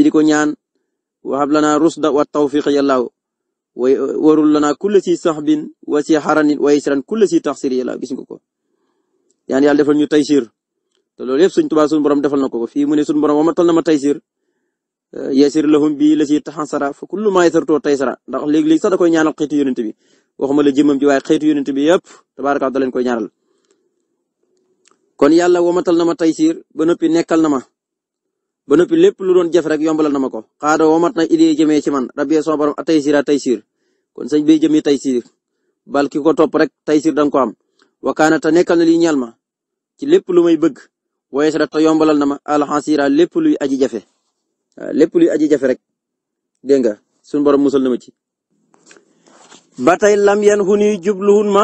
wahab lana rusda wa tawfiqa yàllaaw warul lana kulla si saxbin wa si xaranin wa isran kulla si taxsir yàllaaw gis nga ko yaan yàlla defal ñu taysir te lool yëpp suñ tubaa suñ borom defal na ko ko fii mu ne suñ borom wamatal na ma taysir euh, yasir lahum bi la si taxansara fa kullu ma yasartoo taysara ndax léegi leg sax da koy ñaanal xeetu yonent bi waxuma la jëmmam ji waaye xeetu yonent bi yëpp tabaaraka da leen koy ñaaral kon yàlla wamatal na ma taysir ba noppi nekal na ma ba noppi lépp lu doon jafe rek yombalal na ma ko xaada womat na idée jëmee ci man rabbi sama borom a taysira taysir kon sëñ bi jëmi taysir bal ki ko topp rek taysir danga ko am wakaana te nekkal na li ñal ci lépp lu may bëgg waaye sa yombalal na ma alxasira lépp luy aji jafe lépp luy aji jafe rek dégg nga suñu borom musal na ma ci ba tey lam yan xuni jubluhun ma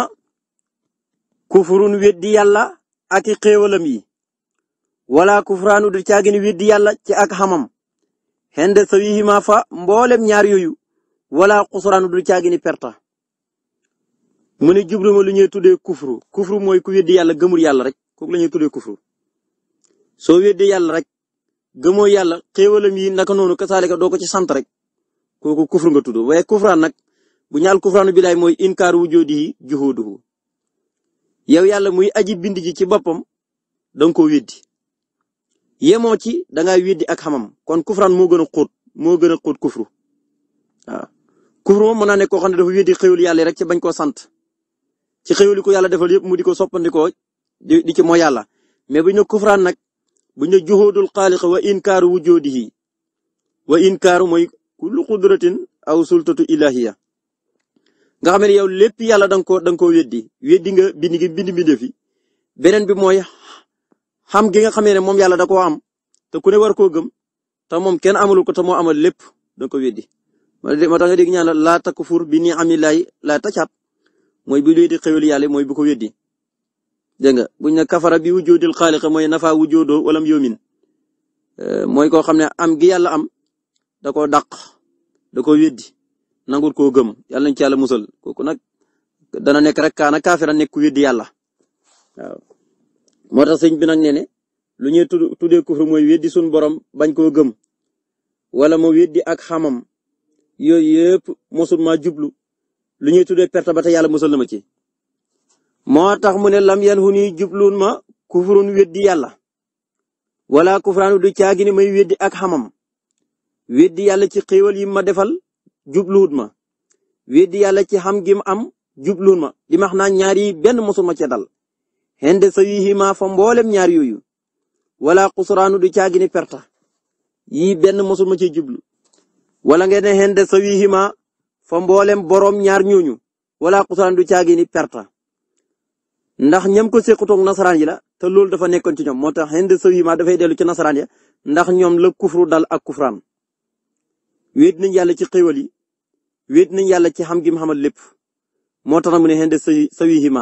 kufurun weddi yàlla ak i yi wala kufraanu du caagin weddi yàlla ci ak xamam xende sa fa mboolem ñaar yooyu wala xusraanu du caagin perta mu ne jublu ma lu ñuy tuddee kufru kufru mooy ku weddi yàlla gëmul yàlla rek kooku la ñuy tuddee kufru soo weddi yàlla rek gëmoo yàlla xéewalam yi naka noonu kasaalika doo ko ci sant rek kooku kufru nga tudd waaye kufraan nag bu ñaal kufraanu bilaay mooy inkaar wujoodi juhuduhu yow yàlla muy aji bind ji ci boppam danga ko weddi yemoo ci da ngay weddi ak xamam kon kufraan moo gën a xóot moo gën a xóot kufru waaw kufru moom mën naa ne koo xam ne dafa weddi xéwal yàlla rek ci bañ koo sant ci xéwal yi ko yàlla defal yëpp mu di ko soppandikoo di di ci mooy yàlla mais bu ñu kufraan nag bu ñu juhudul xaaliq wa inkaaru wujudihi wa inkaaru mooy kullu qudratin aw sultatu ilahiya nga xam ne yow lépp yàlla da nga koo da nga koo weddi weddi nga bind gi bind binde fi beneen bi mooy xam gi nga xamee ne moom yàlla da koo am te ku ne war koo gëm te moom kenn amalu ko te moo amal lépp da ko weddi moo tax nga dégg ñaan laa takfur bi ni amillaahi laa tacaat mooy bi luy di xéwal yàlla mooy bu ko weddi dégg nga buñ ne kafara bi wujjoodil xaaliq mooy nafa wujjoodoo walam yoomin euh, mooy koo xam ne am gi yàlla am da koo dàq da koo weddi nangul koo gëm yàlla nañ ci yàlla kooku nag dana nekk rek kaana kaafira nekk ku weddi yàlla moo tax sëñ bi nag nee ne lu ñuy tuddee kufru mooy weddi suñu borom bañ koo gëm wala mu weddi ak xamam yooyu yëpp mosul maa jublu lu ñuy tuddee perte ba te yàlla mosal na ma ci. moo tax mu ne lam yan fu ñuy jubluun ma yàlla wala kufraanu du caagi ne may weddi ak xamam weddi yàlla ci xéewal yi ma defal jubluut ma weddi yàlla ci xam gi am jubluun ma di max naa ñaar benn mosul ma cee hende sawihima fa mboolem ñaar yooyu wala xusraanu du caagi ni perta yii benn mosuma ci jublu wala ngeen ne hende sawihima fa mboolem boroom ñaar ñoñu wala xusraanu du caagi ni perta ndax ñam ko séqutoog nasaraan yi la te loolu dafa nekkoon ci ñoom moo tax hende sawihima dafay dellu ci nasaraan ya ndax ñoom la kufru dal ak kufraan wéet nañ yàlla ci xéwal yi wéet nañ yàlla ci xam gi lépp moo tax na mu ne hende sawihima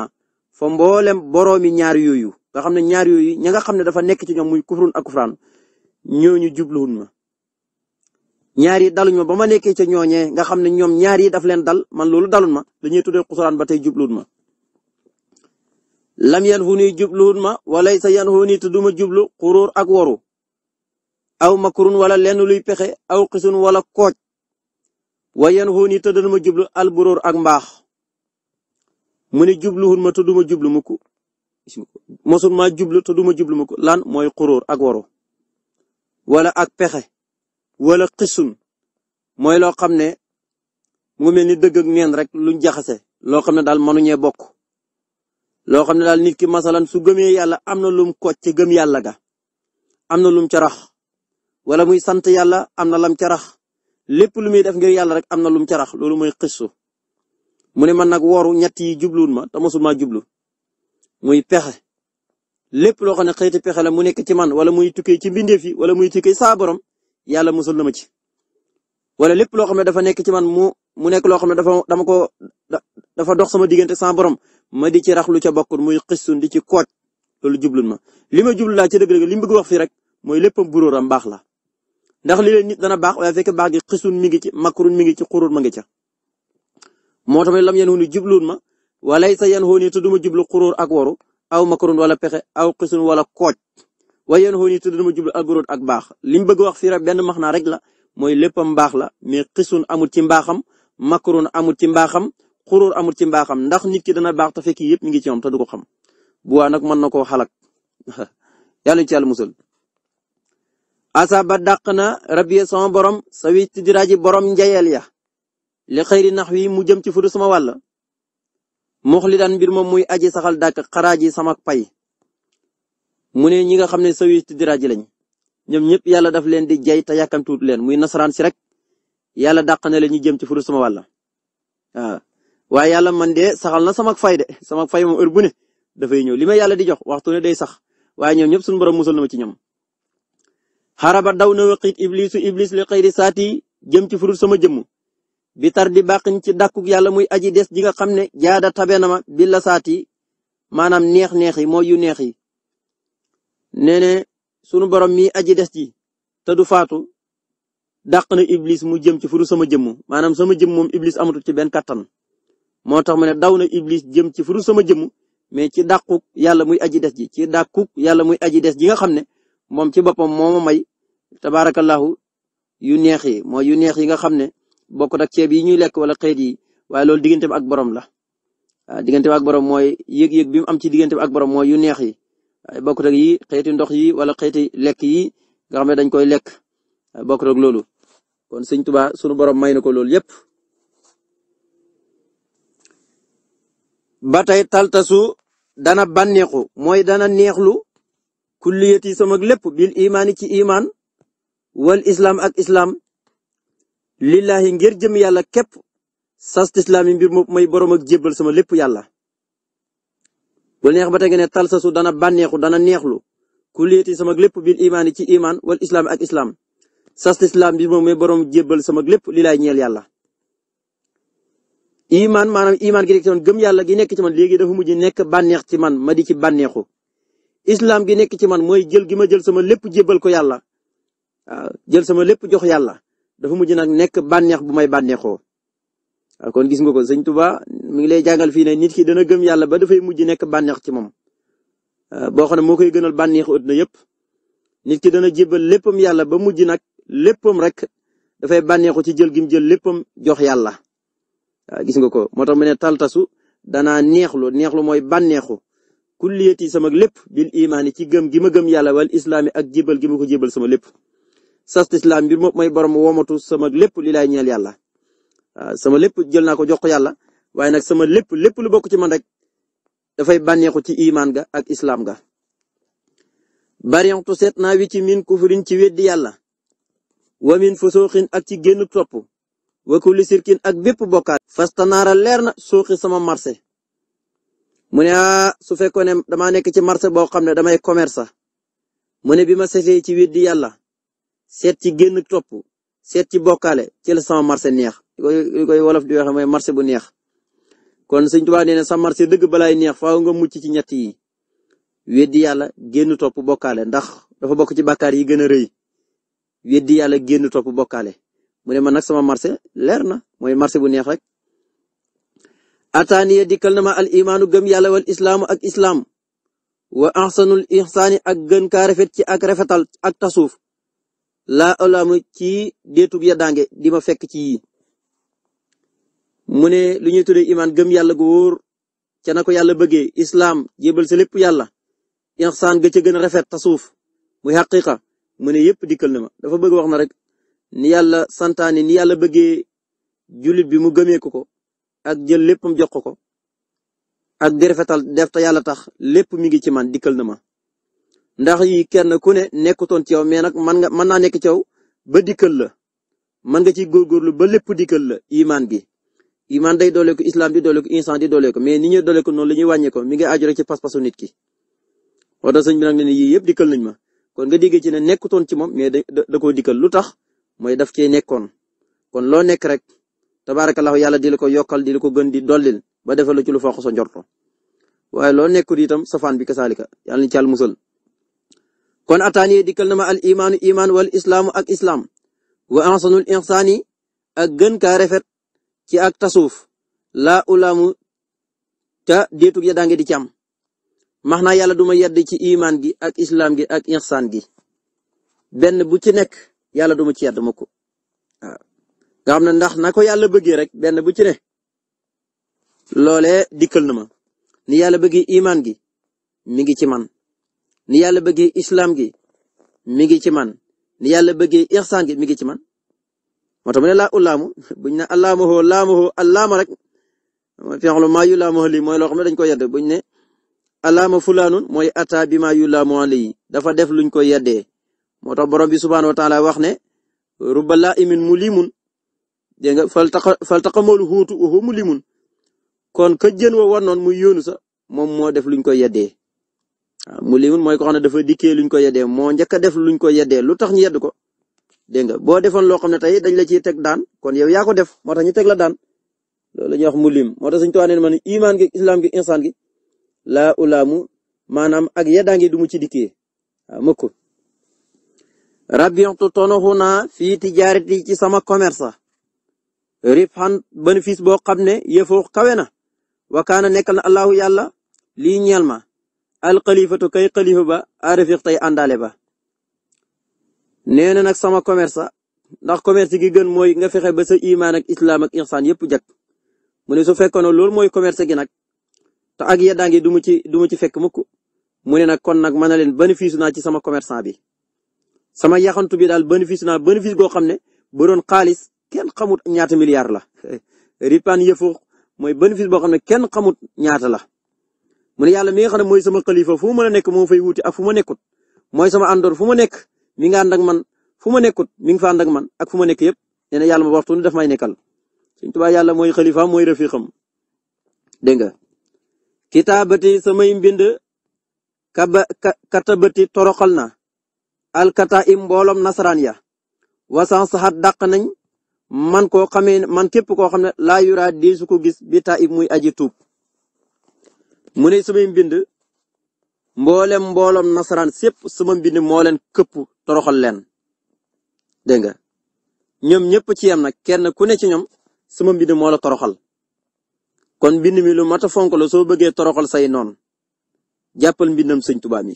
fa mboolem boroomi ñaar yooyu nga xam ne ñaar yooyu ña nga xam ne dafa nekk ci ñoom muy kufrun a kufraan ñooñu jubluwun ma. ñaar yi daluñ ma ba ma nekkee ca ñooñee nga xam ne ñoom ñaar daf leen dal man loolu dalun ma dañuy tuddee xusraan ba tey jubluwun ma. lam yan fu ma wala sa yan fu duma tudduma jublu xuróor ak waru. aw makurun wala lenn luy pexe aw xisun wala kooj. wa yan fu nuy tëdduma jublu alburóor ak mbaax. mu ne jubluwul ma du ma jublu ma ko mosul maa jublu te ma jublu ma ko lan mooy xuróor ak woro wala ak pexe wala xisun mooy loo xam ne mu ngi mel ni dëgg ak neen rek luñ jaxase loo xam ne daal mënuñee bokk loo xam ne daal nit ki masalan su gëmee yàlla am na lum ko ci gëm yàlla ga na lum ca rax wala muy sant yàlla am na lam ca lépp lu muy def ngir yàlla rek am na lum ca rax loolu mooy xisu mu ne man nag woru ñett yi jubluwul ma te maa jublu muy pexe lépp loo xam ne xëyti pexe la mu nekk ci man wala muy tukkee ci mbindeef yi wala muy tukkee saa borom yàlla mosul na ma ci. wala lépp loo xam ne dafa nekk ci man mu mu nekk loo xam ne dafa dama ko dafa dox sama diggante saa borom ma di ci rax ca bokkul muy xisun di ci kooj loolu jubluwul ma li ma jublu laa ci dëgg-dëgg li mu bëgg wax fii rek mooy léppam buróoram baax la ndax li leen nit dana baax waaye fekk baax gi xisun mi ngi ci makrun mi ngi ci xuruur ma ngi ca moo tamit lam yan wu ni jubluun ma walay sa yan xóoni te duma jublu xuróor ak waru aw makarun wala pexe aw xisun wala kooj waaye yan xóoni te duma jublu alburóot ak baax liñ bëgg wax fii rek benn max rek la moy léppam mbaax la mais xisun amul ci mbaaxam makarun amul ci mbaaxam xuróor amul ci mbaaxam ndax nit ki dana baax ta fekk yëpp mi ngi ci moom te du xam bu waa nag mën na koo xalak yàlla ci yàlla musal asaba dàq na rabbi sama borom sa wi ci diraaji borom njayeel ya li xëyri nax wi mu jëm ci fudu sama wàll daan mbir moom muy aji saxal dàkk xaraaji sama pay mu ne ñi nga xam ne sawist diraaji lañ ñoom ñëpp yàlla daf leen di jay te yàkkamtuut leen muy nasaraan si rek yàlla dàq na la ñu jëm ci fudu sama wàll waaw waaye yàlla man de saxal na sama fay de sama fay moom heure bu ne dafay ñëw li ma yàlla di jox waxtu ne day sax waaye ñoom ñëpp suñu borom musal na ma ci ñoom xaraba daw na waxiit iblisu iblis li xëyri saati jëm ci fudu sama jëmm bi tar di bàqin ci dàkkug yàlla muy aji des ji nga xam ne jaada tabe na ma bi la saati maanaam neex-neex yi mooy yu neex yi nee ne sunu borom mi aji des ji te du faatu dàq na iblis mu jëm ci furu sama jëmm maanaam sama jëm moom iblis amatul ci benn kattan moo tax mu ne daw na iblis jëm ci furu sama jëmm mais ci dàquk yàlla muy aji des ji ci dàquk yàlla muy aji des ji nga xam ne moom ci boppam moo ma may tabaarakallahu yu neex yi mooy yu neex yi nga xam ne bokkut ak ceeb yi ñuy lekk wala xeet yi waaye loolu diggante bi ak borom la waaw ah, diggante ak borom mooy yëg-yëg bi mu am ci diggante ak borom mooy yu neex yi waaye ah, bokkut ak yi xeeti ndox yi wala xeeti lekk yi nga xam ne dañ koy lekk ah, bokkut ak loolu kon sëñ Tuubaa sunu borom may na ko loolu yépp ba tey taltasu dana bànneexu mooy dana neexlu yi sama lépp bil imaani ci imaan wal islam ak islam lillaahi ngir jëm yàlla képp sas lislaam yi mbir moom may borom ak jébbal sama lépp yàlla. bu neex ba tey nga ne tal sasu dana bànneexu dana neexlu ku leeti sama lépp bil imaani ci imaan wal islaam ak islaam sas lislaam mbir moom may boroom jébbal sama lépp li laay ñeel yàlla. imaan maanaam imaan gi nekk ci man gëm yàlla gi nekk ci man léegi dafa mujj nekk bànneex ci man ma di ci bànneexu islaam gi nekk ci man mooy jël gi ma jël sama lépp jébbal ko yàlla jël sama lépp jox yàlla dafa mujj nag nekk bànneex bu may bànneexoo kon gis nga ko sëñ Tuba mi ngi lay jàngal fii ne nit ki dana gëm yàlla ba dafay mujj nekk bànneex ci moom boo xam ne moo koy gënal bànneexu àddina yëpp nit ki dana jébbal léppam yàlla ba mujj nag léppam rek dafay bànneexu ci jël gim jël léppam jox yàlla gis nga ko moo tax mu ne taltasu danaa neexlu neexlu mooy bànneexu kulliyati sama lépp bil imaani ci gëm gi ma gëm yàlla wal islaami ak jébal gi ma ko jébal sama lépp sas lislaam mbir moom mooy borom womatu sama lépp li laay ñeel yàlla ah, sama lépp jël naa ko jox yàlla waaye nag sama lépp lépp lu bokk ci man rek dafay bànneexu ci imaan ga ak islaam ga bariyantu seet na wi ci min kufrin ci weddi yàlla wa min fusuqin ak ci génn topp wa sirkin ak bépp bokkaat fastanaara leer na suuxi sama marché mu ne ah su fekkoon ne damaa nekk ci marché boo xam ne damay commerce mu ne bi ma setee ci weddi yàlla seet ci génn topp seet ci bokkaale ci la sama marché neex li koy wolof di waxe mooy marché bu neex kon sëñ Tuubaa nee na sa marché dëgg balaay neex faaw nga mucc ci ñett yi weddi yàlla génn topp bokkale ndax dafa bokk ci bàkkaar yi gën a rëy weddi yàlla génn topp bokkaale mu ne man nag sama marché leer na mooy marché bu neex rek ataaniya dikkal na ma al imaanu gëm yàlla wal islaamu ak islaam wa ahsanul ihsaani ak gën kaa rafet ci ak rafetal ak tasuuf laa alaama ci deetub yaddaange di ma fekk ci yii mu ne lu ñuy tuddee imaan gëm yàlla gu wóor ca na ko yàlla bëggee islaam jébal sa lépp yàlla ihsaan ga ca gën a rafet tasuuf muy xaqiqa mu ne yëpp dikkal na ma dafa bëgg wax na rek ni yàlla santaane ni yàlla bëggee jullit bi mu gëmee ko ko ak jël léppam jox ko ko ak di rafetal def te yàlla tax lépp mi ngi ci man dikkal na ma ndax yi kenn ku ne nekkutoon ci yow mais nag man nga mën naa nekk ci yow ba dikkal la mën nga ciy góorgóorlu ba lépp dikkal la iman gi iman day doole ko islam di doole ko di doole ko mais ni ñuy doole ko noonu la ñuy wàññee ko mi ngi aju rek ci pas-pasu nit ki moo tax sëñ bi ne yii yëpp dikkal nañ ma kon nga déggee ci ne nekkutoon ci moom mais da koo dikkal lu tax mooy daf cee nekkoon kon loo nekk rek tabaarakallahu yàlla di la ko yokkal di ko gën di dollil ba defal la ci lu foox sa njorto waaye loo nekkul itam safaan bi kasaalika yàlla ni ci musal kon ataani dikkal na ma al imaanu imaan wal islaamu ak islaam wa ahsanul ihsaani ak gën kaa rafet ci ak tasuuf laa ulaamu te déetug ya daange di ci am max naa yàlla duma yedd ci imaan gi ak islaam gi ak ihsaan gi benn bu ci nekk yàlla duma ci yedd ma ko waaw nga xam ne ndax na ko yàlla bëggee rek benn bu ci ne loolee dikkal na ma ni yàlla bëggee imaan gi mi ngi ci man ni yàlla bëggee islam gi mi ngi ci man ni yàlla bëggee ihsan gi mi ngi ci man moo tax mu ne laa ulaamu buñ ne rek mooy fi'lu maa yulaamuhu lii mooy loo xam dañ ko yedd buñ ne allaama fulaanun mooy ataa bi maa yulaamu dafa def luñ ko yeddee moo tax borom bi subhaanahu wa taala wax ne rubba laa'imin muliimun dégg nga faltaqa faltaqamul kon ka jën wa war noon muy yoonu moom moo def luñ ko yeddee Ah, mu limun mooy ko xam ne dafa dikkee luñ ko yeddee moo njëkk a def luñ ko yeddee lu tax ñu yedd ko dégg nga boo defoon loo xam ne tey dañ la ciy teg daan kon yow yaa ko def moo tax ñu teg la daan loolu la ñuy wax mu lim moo tax suñu tuwaa nee man imaan gi islam gi insaan gi laa ulaamu maanaam ak yeddaange du mu ci dikkee waaw ah, mukk rabion tonoxu naa fii ci sama commerce ribhan bénéfice boo xam ne yëfoo kawe na wakaana na allahu yàlla lii alxalifatu kay xalifa ba arafiq tey àndaale ba nee na nag sama commerce ndax commerce gi gën mooy nga fexe ba sa imaan ak islaam ak ihsaan yëpp jag mu ne su fekkoon loolu mooy commerce gi nag te ak yeddaangi du mu ci du mu ci fekk mukk mu ne nag kon nag mën na leen bénéfice naa ci sama commerçant bi sama yaxantu bi daal bénéfice naa bénéfice goo xam ne bu xaalis kenn xamut ñaata milliard la ripaan yëfu mooy bénéfice boo xam ne kenn xamut ñaata la mu ne yàlla mi nga xam ne mooy sama xalifa fu ma mën a nekk moo fay wuti ak fu ma nekkut mooy sama àndoor fu ma nekk mi nga ànd ak man fu ma nekkut mi ngi fa ànd man ak fu ma nekk yëpp nee na yàlla ma waxtu ne may nekkal Sëñ Tuubaa yàlla mooy xalifa mooy rafiqam dégg nga kitaabati samay mbind kaba katabati toroxal na alkata im mbooloom nasaraan ya wasan saxaat dàq nañ man koo xamee man képp koo xam ne laa yuraa diisu ko gis bi taa muy aji tuub mu ne samay mbind mboolem mbooloom nasaraan sépp sama mbind moo leen këpp toroxal leen dégg nga ñoom ñëpp ci yem nag kenn ku ne ci ñoom sama mbind moo toroxal kon mbind mi lu mat a fonk la soo bëggee toroxal say noon jàppal mbindam sëñ Tuubaa mi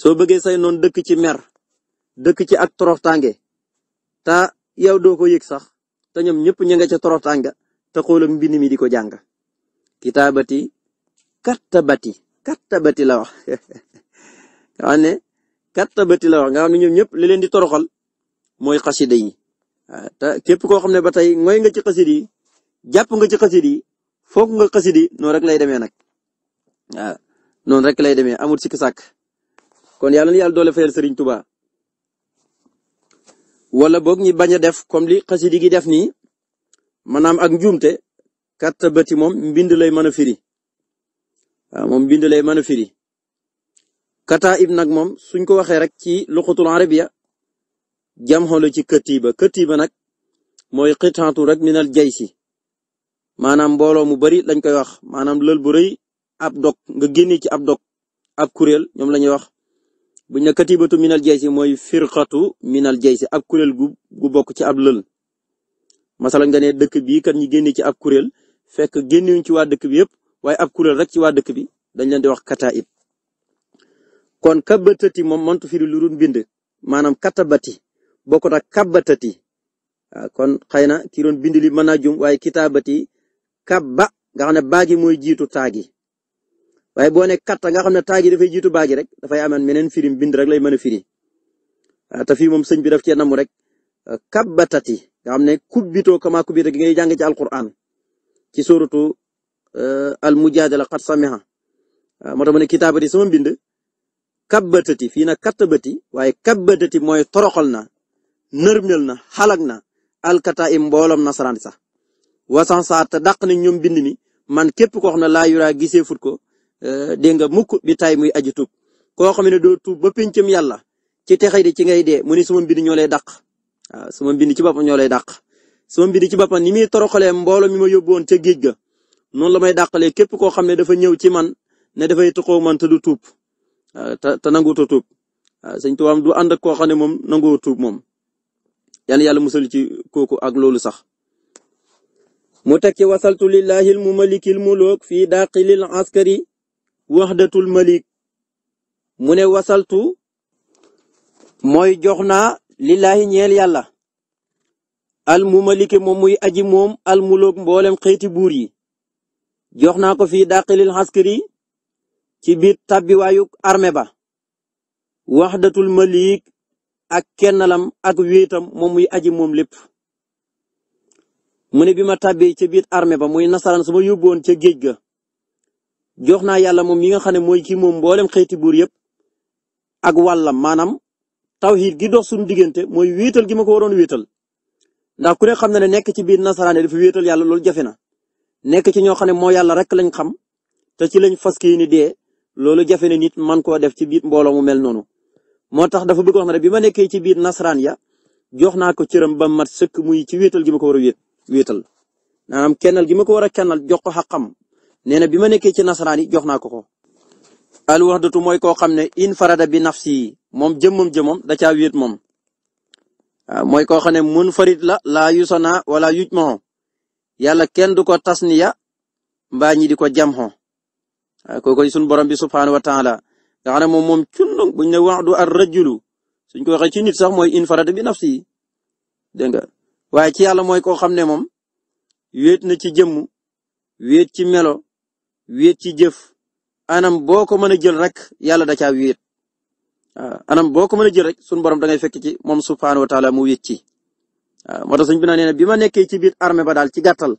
soo bëggee say noon dëkk ci mer dëkk ci ak toroxtaange ta yow doo ko yëg sax te ñom ñëpp ña nga ca toroxtaanga te mbind mi di ko jàng kitaabati kattabati kattabati la wax nga xam ne kattabati la wax nga xam ne ñoom ñëpp li leen di toroxal mooy xasida yi waaw te képp koo xam ne ba tey ngoy nga ci xasida yi jàpp nga ci xasida yi foog nga xasida yi rek lay demee nag waaw noonu rek lay demee amul sikk sàkk kon yàlla na yàlla doole fayal Serigne Touba wala boog ñi bañ a def comme li xasida gi def nii maanaam ak njuumte kattabati moom mbind lay mën firi. waaw moom bind lay mën a firi kataib nag moom suñ ko waxee rek ci luxatul arabiya jam xool ci katiba katiba nag mooy xitaatu rek minal jay si maanaam mbooloo mu bari lañ koy wax maanaam lël bu rëy ab dog nga génne ci ab dog ab kuréel ñoom la ñuy wax buñ ne katibatu minal jay si mooy firqatu minal jay si ab kuréel gu gu bokk ci ab lël masala nga ne dëkk bii kat ñi génne ci ab kuréel fekk génnewuñ ci waa dëkk bi yëpp waaye ab kuréel rek ci waa dëkk bi dañ leen di wax kataib kon kabatati moom mëntu firi lu dul bind maanaam katabati bokkut ak kabatati kon xëy na ki doon bind li mën naa jum waaye kitaabati kabba nga xam ne baagi mooy jiitu taagi waaye boo ne nga xam ne taagi dafay jiitu baagi rek dafay amaan meneen firim bind rek lay mën a firi te fii moom sëñ bi daf cee namu rek kabbatati nga xam ne kubbitoo kama kubbita gi ngay jàng ci alquran ci sóoratu al mujadala qad samiha moo tax ma ne kitaabati sama mbind kabbatati fii nag kattabati waaye kabbatati mooy toroxal na nërmel na xalag na alkata im mbooloom nasaraan sax wasan saa te dàq nañ ñoom bind mi man képp koo xam ne laa yuraa gisee fut ko euh, dégg nga mukk bi muy aji tuub koo xam ne doo tuub ba pencam yàlla ci texay di ci ngay dee mu ne suma mbind ñoo lay dàq waaw suma mbind ci boppam ñoo lay dàq suma mbind ci boppam ni muy toroxalee mbooloo mi ma yóbbu ca géej ga noonu la may dàqalee képp koo xam ne dafa ñëw ci man ne dafay tuqoo man te du tuub ah, te te nanguut a tuub ah, du ànd ak koo xam ne moom nangoo tuub moom yàlla yàlla musal ci kooku ak loolu sax. mu tekki wasaltu lillahi almumalikil muluk fi daqilil askari waxdatul malik mu ne wasaltu mooy jox naa lillahi ñeel yàlla almumaliki moom muy aji moom almuluk mboolem xeeti buur yi jox naa ko fii dàqilil xaskari ci biir tàbbiwaayu armée ba waxdatul malik ak kennalam ak wéetam moom muy aji moom lépp mu ne bi ma tàbbee ca biir armée ba muy nasaran su ma yóbbuwoon ca géej ga jox naa yàlla moom yi nga xam ne mooy kii moom mboolem xeeti buur yëpp ak wàllam maanaam taw gi dox suñu diggante mooy wéetal gi ma ko waroon wéetal ndax ku ne xam na ne nekk ci biir nasaraan dafa wéetal yàlla loolu jafe na nekk ci ñoo xam ne moo yàlla rek lañ xam te ci lañ fas kii ni dee loolu jafe na nit man koo def ci biir mbooloo mu mel noonu. moo tax dafa bëgg wax ne bi ma nekkee ci biir nasaraan ya jox naa ko cëram ba mat sëkk muy ci wéetal gi ma ko war a wéet wéetal maanaam kennal gi ma ko war a kennal jox ko xaqam nee na bi ma nekkee ci nasaraan yi jox naa ko ko. al wahdatu mooy koo xam ne infarada bi nafsi moom jëmmam jëmmam da caa wéet moom. mooy koo xam ne munfarid la laa yusana wala yujmaa yàlla kenn du ko tasniya mbaa ñi di ko jamxo kooku sunu borom bi subhaanahu wa taala nga xam ne moom moom cundung buñ ne wax du ar rajulu suñ ko waxee ci sax mooy infarada bi nafsi dégg nga waaye ci yàlla mooy koo xam ne moom wéet na ci jëmm wéet ci melo wéet ci jëf anam boo ko mën a jël rek yàlla da caa wéet anam boo ko mën a jël rek sunu borom da ngay fekk ci moom subhaanahu wa taala mu wéet ci. waaw moo tax sëñ bi nee na bi ma nekkee ci biir armée ba daal ci gàttal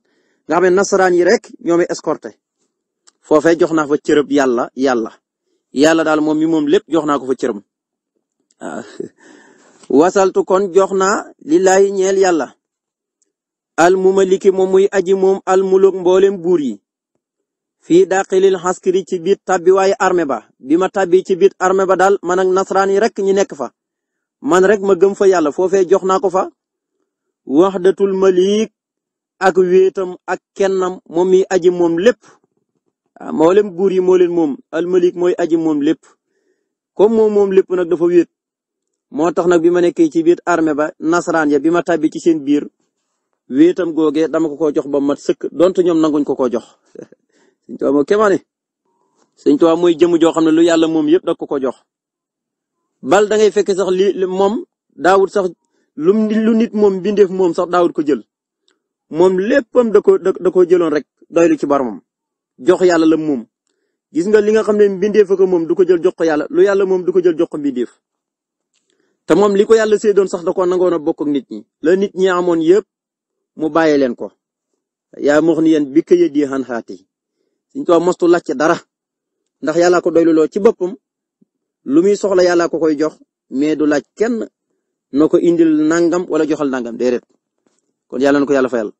nga xam ne nasaraan yi rek ñoo may escorté jox naa fa cërëb yàlla yàlla yàlla daal moom mi moom lépp jox naa ko fa cërëm waaw wasaltu kon jox naa lillaahi ñeel yàlla al mumaliki moom muy aji moom al muluk mboolem buur yi fii daqilil xaskiri ci biir tabbi waaye armée ba bi ma tabbi ci biir armée ba daal man ak nasaraan yi rek ñu nekk fa man rek ma gëm fa yàlla foofee jox naa ko fa waxdatul malik ak wéetam ak kennam moom mi aji moom lépp waaw ah, moo leen buur yi moo leen moom almalik mooy aji moom lépp comme moom moom lépp nag dafa wéet moo tax nag bi ma nekkee ci biir armée ba nasaraan ya bi ma tàbbi ci seen biir wéetam googee dama ko ko jox ba mat sëkk donte ñoom nanguñ ko ko jox sëñ Tuubaa moo kéemaane sëñ Tuubaa mooy jëmm joo xam ne lu yàlla moom yëpp da ko ko jox bal da ngay sax li moom daawut sax lu lu nit moom bindeef moom sax daawut ko jël moom léppam da ko da koo jëloon rek doylu ci boromam jox yàlla la moom gis nga li nga xam ne mbindeef ko moom du ko jël jox ko yàlla lu yàlla moom du ko jël jox ko mbindeef te moom li ko yàlla séddoon sax da koo nangoon a bokk ak nit ñi la nit ñi amoon yëpp mu bàyyi leen ko ya mox ni yéen bi këye di xan xaati suñ ko mostu laaj dara ndax yàlla ko doyluloo ci boppam lu muy soxla yàlla ko koy jox mais du laaj kenn na ko indil nangam wala joxal nangam deret kon yàlla na ko yàlla fayal